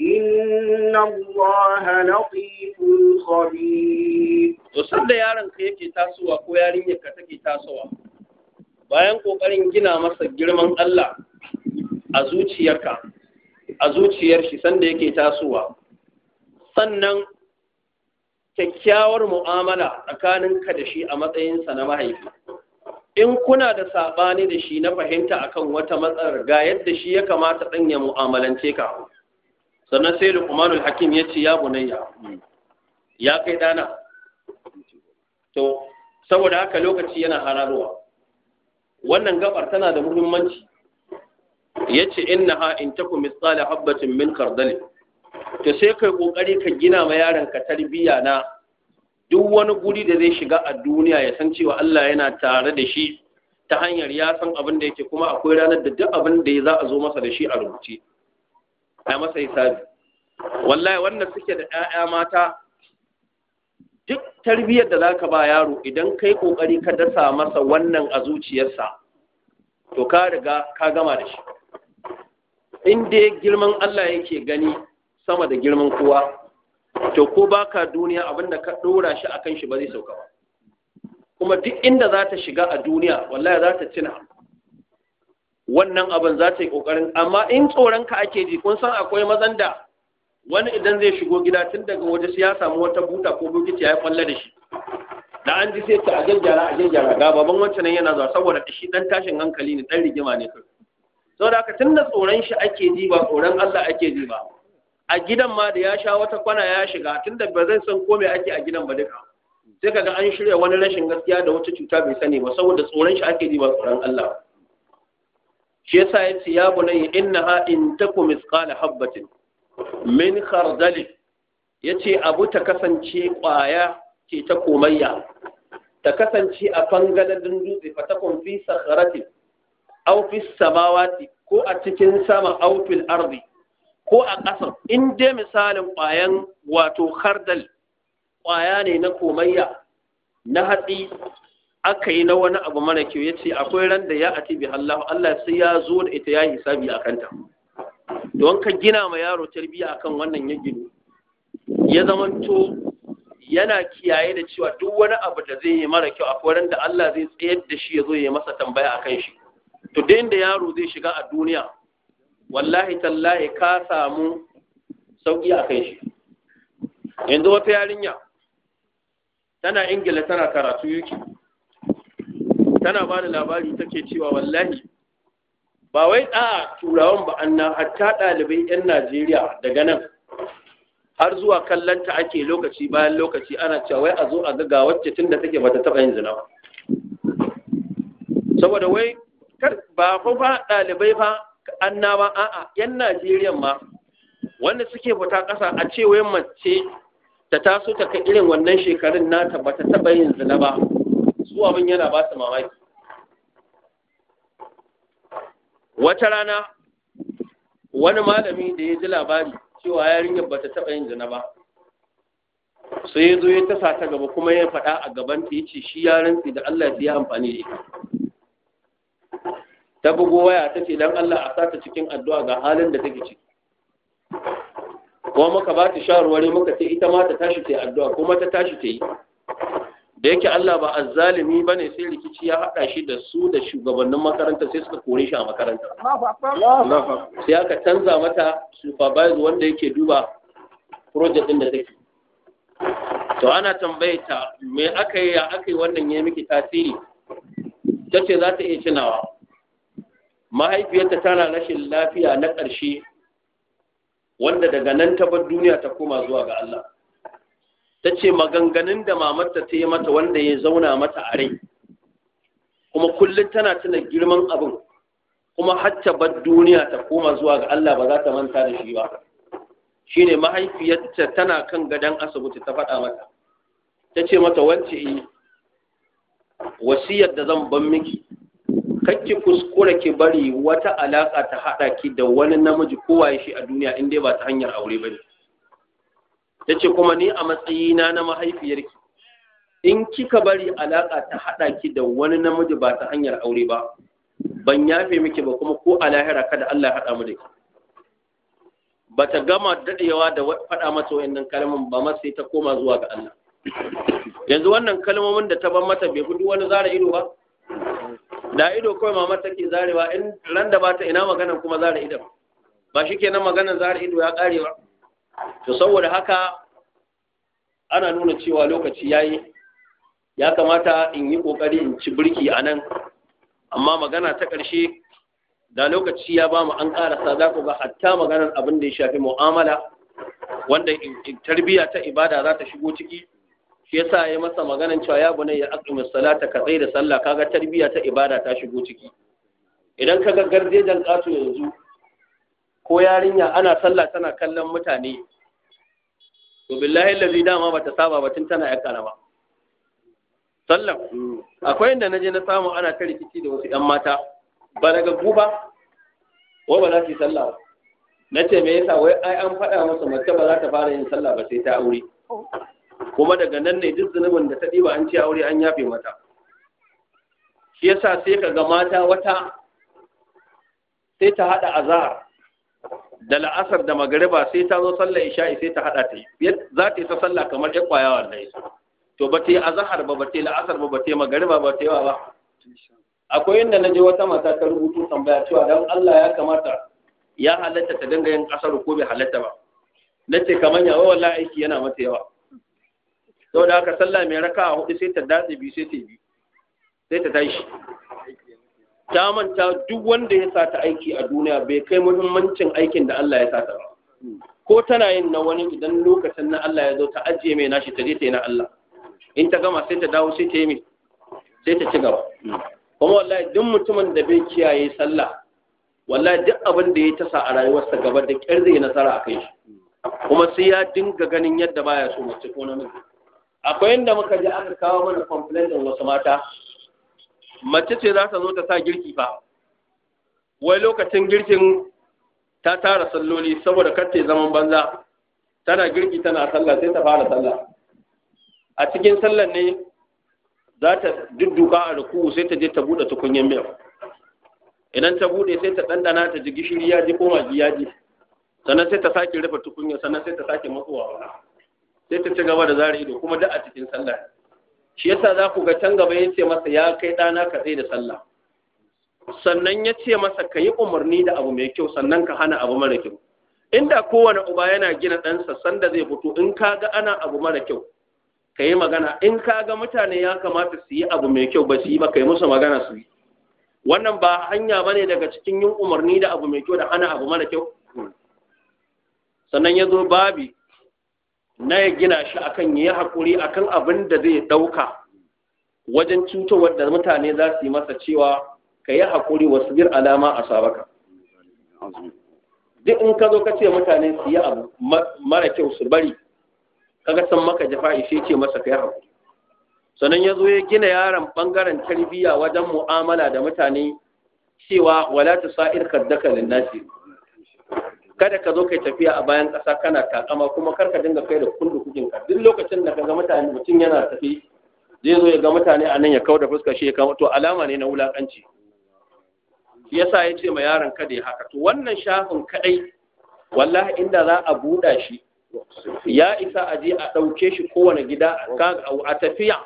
inna allaha latifun khabir to sanda yaron ka yake tasowa ko yarinyar ka take tasowa bayan kokarin gina masa girman Allah a zuciyarka a zuciyar shi sanda yake tasowa sannan kyakkyawar mu'amala tsakanin ka da shi a matsayinsa na mahaifi in kuna da saɓani da shi na fahimta akan wata matsalar ga yadda shi ya kamata ɗan ya mu'amalance ka sannan sai luqmanul hakim ya ce ya bunayya ya kai dana to saboda haka lokaci yana hararowa wannan gabar tana da muhimmanci yace ha in taku misali habbatin min kardali to sai kai kokari ka gina ma yaron ka tarbiya na duk wani guri da zai shiga a duniya ya san cewa Allah yana tare da shi ta hanyar ya san abin da yake kuma akwai ranar da duk abin da za a zo masa da shi a rubuce a masa hisabi wallahi wannan suke da 'ya'ya mata duk tarbiyyar da za ka ba yaro idan kai kokari ka dasa masa wannan a zuciyarsa to ka riga ka gama da shi in dai girman Allah yake gani sama da girman kowa to ko baka duniya abinda ka dora shi akan shi ba zai sauka ba kuma duk inda za ta shiga a duniya wallahi za ta cina wannan abin za ta yi ƙoƙarin amma in tsoronka ake ji kun san akwai mazan da wani idan zai shigo gida tun daga waje sai ya samu wata buta ko bukiti ya yi kwallo da shi da an ji sai ta a gyaggyara a gyaggyara ga baban wancan yana zuwa saboda shi dan tashin hankali ne dan rigima ne kai saboda haka tun da tsoron shi ake ji ba tsoron Allah ake ji ba a gidan ma da ya sha wata kwana ya shiga tun da ba zai san ko me ake a gidan ba duka sai kaga an shirya wani rashin gaskiya da wata cuta bai sani ba saboda tsoron shi ake ji ba tsoron Allah shi yasa ya ce ya inna ha in taku misqala habbatin min ya yace abu ta kasance kwaya ce ta komayya ta kasance a fangaladin dutse fa ta fi sakharatin aw fi samawati ko a cikin sama aw fil ardi ko a ƙasa in dai misalin ƙwayan wato khardal kwaya ne na komayya na hatsi aka yi na wani abu mara kyau ya ce akwai ran da ya ati bi Allah Allah sai ya zo da ita ya hisabi a kanta don ka gina ma yaro tarbiyya akan wannan ya gino ya zamanto yana kiyaye da cewa duk wani abu da zai yi mara kyau akwai ran da Allah zai tsayar da shi ya zo ya masa tambaya akan shi to da inda yaro zai shiga a duniya wallahi tallahi ka samu sauki akan shi yanzu wata yarinya tana ingila tana karatu yuki tana ba da labari take cewa wallahi ba wai da turawan ba anna hatta ɗalibai 'yan najeriya daga nan har zuwa kallanta ake lokaci bayan lokaci ana cewa wai a zo a ga wacce tun da take bata taɓa yin zina saboda wai ba fa ba ɗalibai fa annaba a'a 'yan najeriya ma wanda suke fita ƙasa a ce wai mace ta taso ta ka irin wannan shekarun nata bata taɓa yin zina ba su abin yana ba su mamaki wata rana wani malami da ya ji labari cewa yarinyar ba ta taɓa yin zina ba sai ya zo ya tasa ta gaba kuma ya faɗa a gaban ta ce shi ya da Allah ya amfani da ita ta bugo waya ta ce don Allah a sata cikin addu'a ga halin da take ciki kuma muka ba ta shawarwari muka ce ita ma ta tashi ta yi addu'a kuma ta tashi ta yi da yake Allah ba azzalimi bane sai rikici ya hada shi da su da shugabannin makaranta sai suka kore shi a makaranta sai aka canza mata supervisor wanda yake duba project din da take to ana tambayata me aka yi ya aka yi wannan ya miki tasiri tace ce za ta iya cinawa. mahaifiyarta tana rashin lafiya na ƙarshe wanda daga nan ta bar duniya ta koma zuwa ga Allah ta ce maganganun da mamarta ta yi mata wanda ya zauna mata a rai kuma kullum tana tuna girman abin kuma hatta bar duniya ta koma zuwa ga Allah ba za ta manta da shi ba Shi ne mahaifiyarta tana kan gadon asibiti ta faɗa mata ta ce mata wacce yi wasiyar da zan ban miki kakki kuskura ki bari wata alaƙa ta haɗa ki da wani namiji ya shi a duniya in dai ba ta hanyar aure ba ne ya ce kuma ni a matsayina na mahaifiyarki in kika bari alaƙa ta haɗa ki da wani namiji ba ta hanyar aure ba ban yafe miki ba kuma ko a lahira kada Allah ya haɗa mu da ki ba ta gama daɗewa da faɗa mata wayannan kalmomin ba ma sai ta koma zuwa ga Allah yanzu wannan kalmomin da ta ban mata bai gudu wani zara ido ba da ido kawai mama take zarewa in ran da ba ta ina maganan kuma zara ido ba shi kenan maganan zara ido ya ƙare ba to saboda haka ana nuna cewa lokaci yayi ya kamata in yi kokari in ci birki a nan amma magana ta ƙarshe da lokaci ya ba mu an ƙarasa za ku ga hatta maganar abin da ya shafi mu'amala wanda tarbiyya ta ibada za ta shigo ciki shi ya sa ya masa maganar cewa ya ya aƙi salata ka tsaye da sallah kaga tarbiyya ta ibada ta shigo ciki idan ka kaga gardejan ƙato yanzu ko yarinya ana sallah tana kallon mutane to billahi lazi dama bata saba ba tun tana ya karama sallan akwai inda naje na samu ana ta rikici da wasu yan mata ba daga guba wa ba za su yi sallah ba na ce me yasa wai ai an faɗa masa mace ba za ta fara yin sallah ba sai ta aure kuma daga nan ne duk zunubin da ta ɗiba an ce aure an yafe mata shi yasa sai ka ga mata wata sai ta haɗa azahar da la'asar da magariba sai ta zo sallar isha sai ta haɗa ta yi za ta yi ta sallah kamar ya na isa to ba ta yi azahar ba ba ta yi la'asar ba ba ta yi magariba ba ta yi ba akwai inda na je wata mata ta rubutu tambaya cewa dan Allah ya kamata ya halatta ta dinga yin ƙasar ko bai halatta ba na ce kamar yawa wallahi aiki yana mata yawa saboda haka sallah mai raka a hudu sai ta datse biyu sai ta yi sai ta tashi ta manta duk wanda ya sa ta aiki a duniya bai kai muhimmancin aikin da Allah ya sa ta ba ko tana yin na wani idan lokacin na Allah ya zo ta ajiye mai nashi ta je ta yi na Allah in ta gama sai ta dawo sai ta yi mai sai ta ci gaba kuma wallahi duk mutumin da bai kiyaye sallah wallahi duk abin da ya tasa a rayuwarsa gaba da kyar zai nasara a kai shi kuma sai ya dinga ganin yadda baya so mace ko namiji akwai inda muka ji aka kawo mana complaint din wasu mata mace ce za ta zo ta sa girki fa wai lokacin girkin ta tara salloli saboda kacce zaman banza tana girki tana sallah sai ta fara sallah a cikin sallar ne za ta dudduka a ruku sai ta je ta bude tukunyen miyar idan ta bude sai ta ɗanɗana ta ji gishiri ya ji ko magi ya ji sannan sai ta sake rufe tukunya sannan sai ta sake matsuwa sai ta ci gaba da zare ido kuma duk a cikin sallah shi yasa za ku ga can gaba ya ce masa ya kai ɗana ka tsaye da sallah sannan ya ce masa ka yi umarni da abu mai kyau sannan ka hana abu mara kyau inda kowane uba yana gina ɗansa sanda zai fito in ka ga ana abu mara kyau ka yi magana in ka ga mutane ya kamata su yi abu mai kyau ba su yi ba ka yi musu magana su yi wannan ba hanya ba ne daga cikin yin umarni da abu mai kyau da hana abu mara kyau sannan ya zo babi na ya gina shi akan ya haƙuri akan abin da zai ɗauka wajen cutowar da mutane za su yi masa cewa ka yi haƙuri wasu bir alama a sabaka duk in ka zo ka ce mutane su yi abu mara kyau su bari kaga san maka jafa sai ce masa ka yi haƙuri sannan ya zo ya gina yaron ɓangaren tarbiyya wajen mu'amala da mutane cewa wala ta sa'ir kaddaka linnasi kada ka zo kai tafiya a bayan ƙasa kana takama kuma kar ka dinga kai da kundu kujin ka duk lokacin da ka ga mutane mutum yana tafi zai zo ya ga mutane a nan ya kawo da fuska shi ya kama to alama ne na wulakanci yasa ya ce ma yaron kada ya haka to wannan shafin kadai wallahi inda za a buɗa shi ya isa a je a ɗauke shi kowane gida a tafiya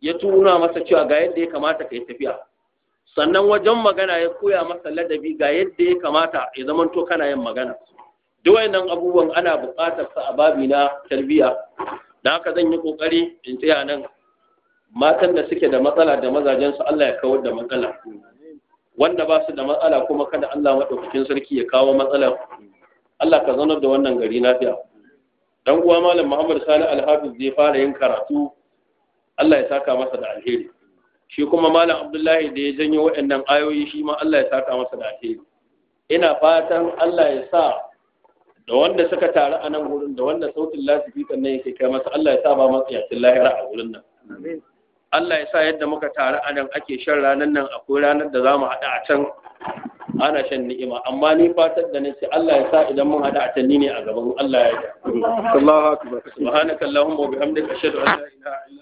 ya tuna masa cewa ga yadda ya kamata ka yi tafiya sannan wajen magana ya koya masa ladabi ga yadda ya kamata ya zama to kana yin magana duk wayannan abubuwan ana buƙatar sa a babi na tarbiyya da haka zan yi kokari in tsaya nan matan da suke da matsala da mazajen su Allah ya kawar da matsala wanda ba su da matsala kuma kada Allah madaukakin sarki ya kawo matsala Allah ka zanar da wannan gari lafiya dan uwa malam Muhammad Sani Alhafiz zai fara yin karatu Allah ya saka masa da alheri shi kuma malam abdullahi da ya janyo waɗannan ayoyi shi ma Allah ya saka masa da alheri ina fatan Allah ya sa da wanda suka taru a nan gurin da wanda sautin lasifikan nan yake kai masa Allah ya sa ba matsayacin lahira a gurin nan Allah ya sa yadda muka taru a nan ake shan ranar nan akwai ranar da za mu haɗa a can ana shan ni'ima amma ni fatar da nace Allah ya sa idan mun haɗa a can ni ne a gaban Allah ya yi subhanakallahumma wa bihamdika ashhadu an la ilaha illa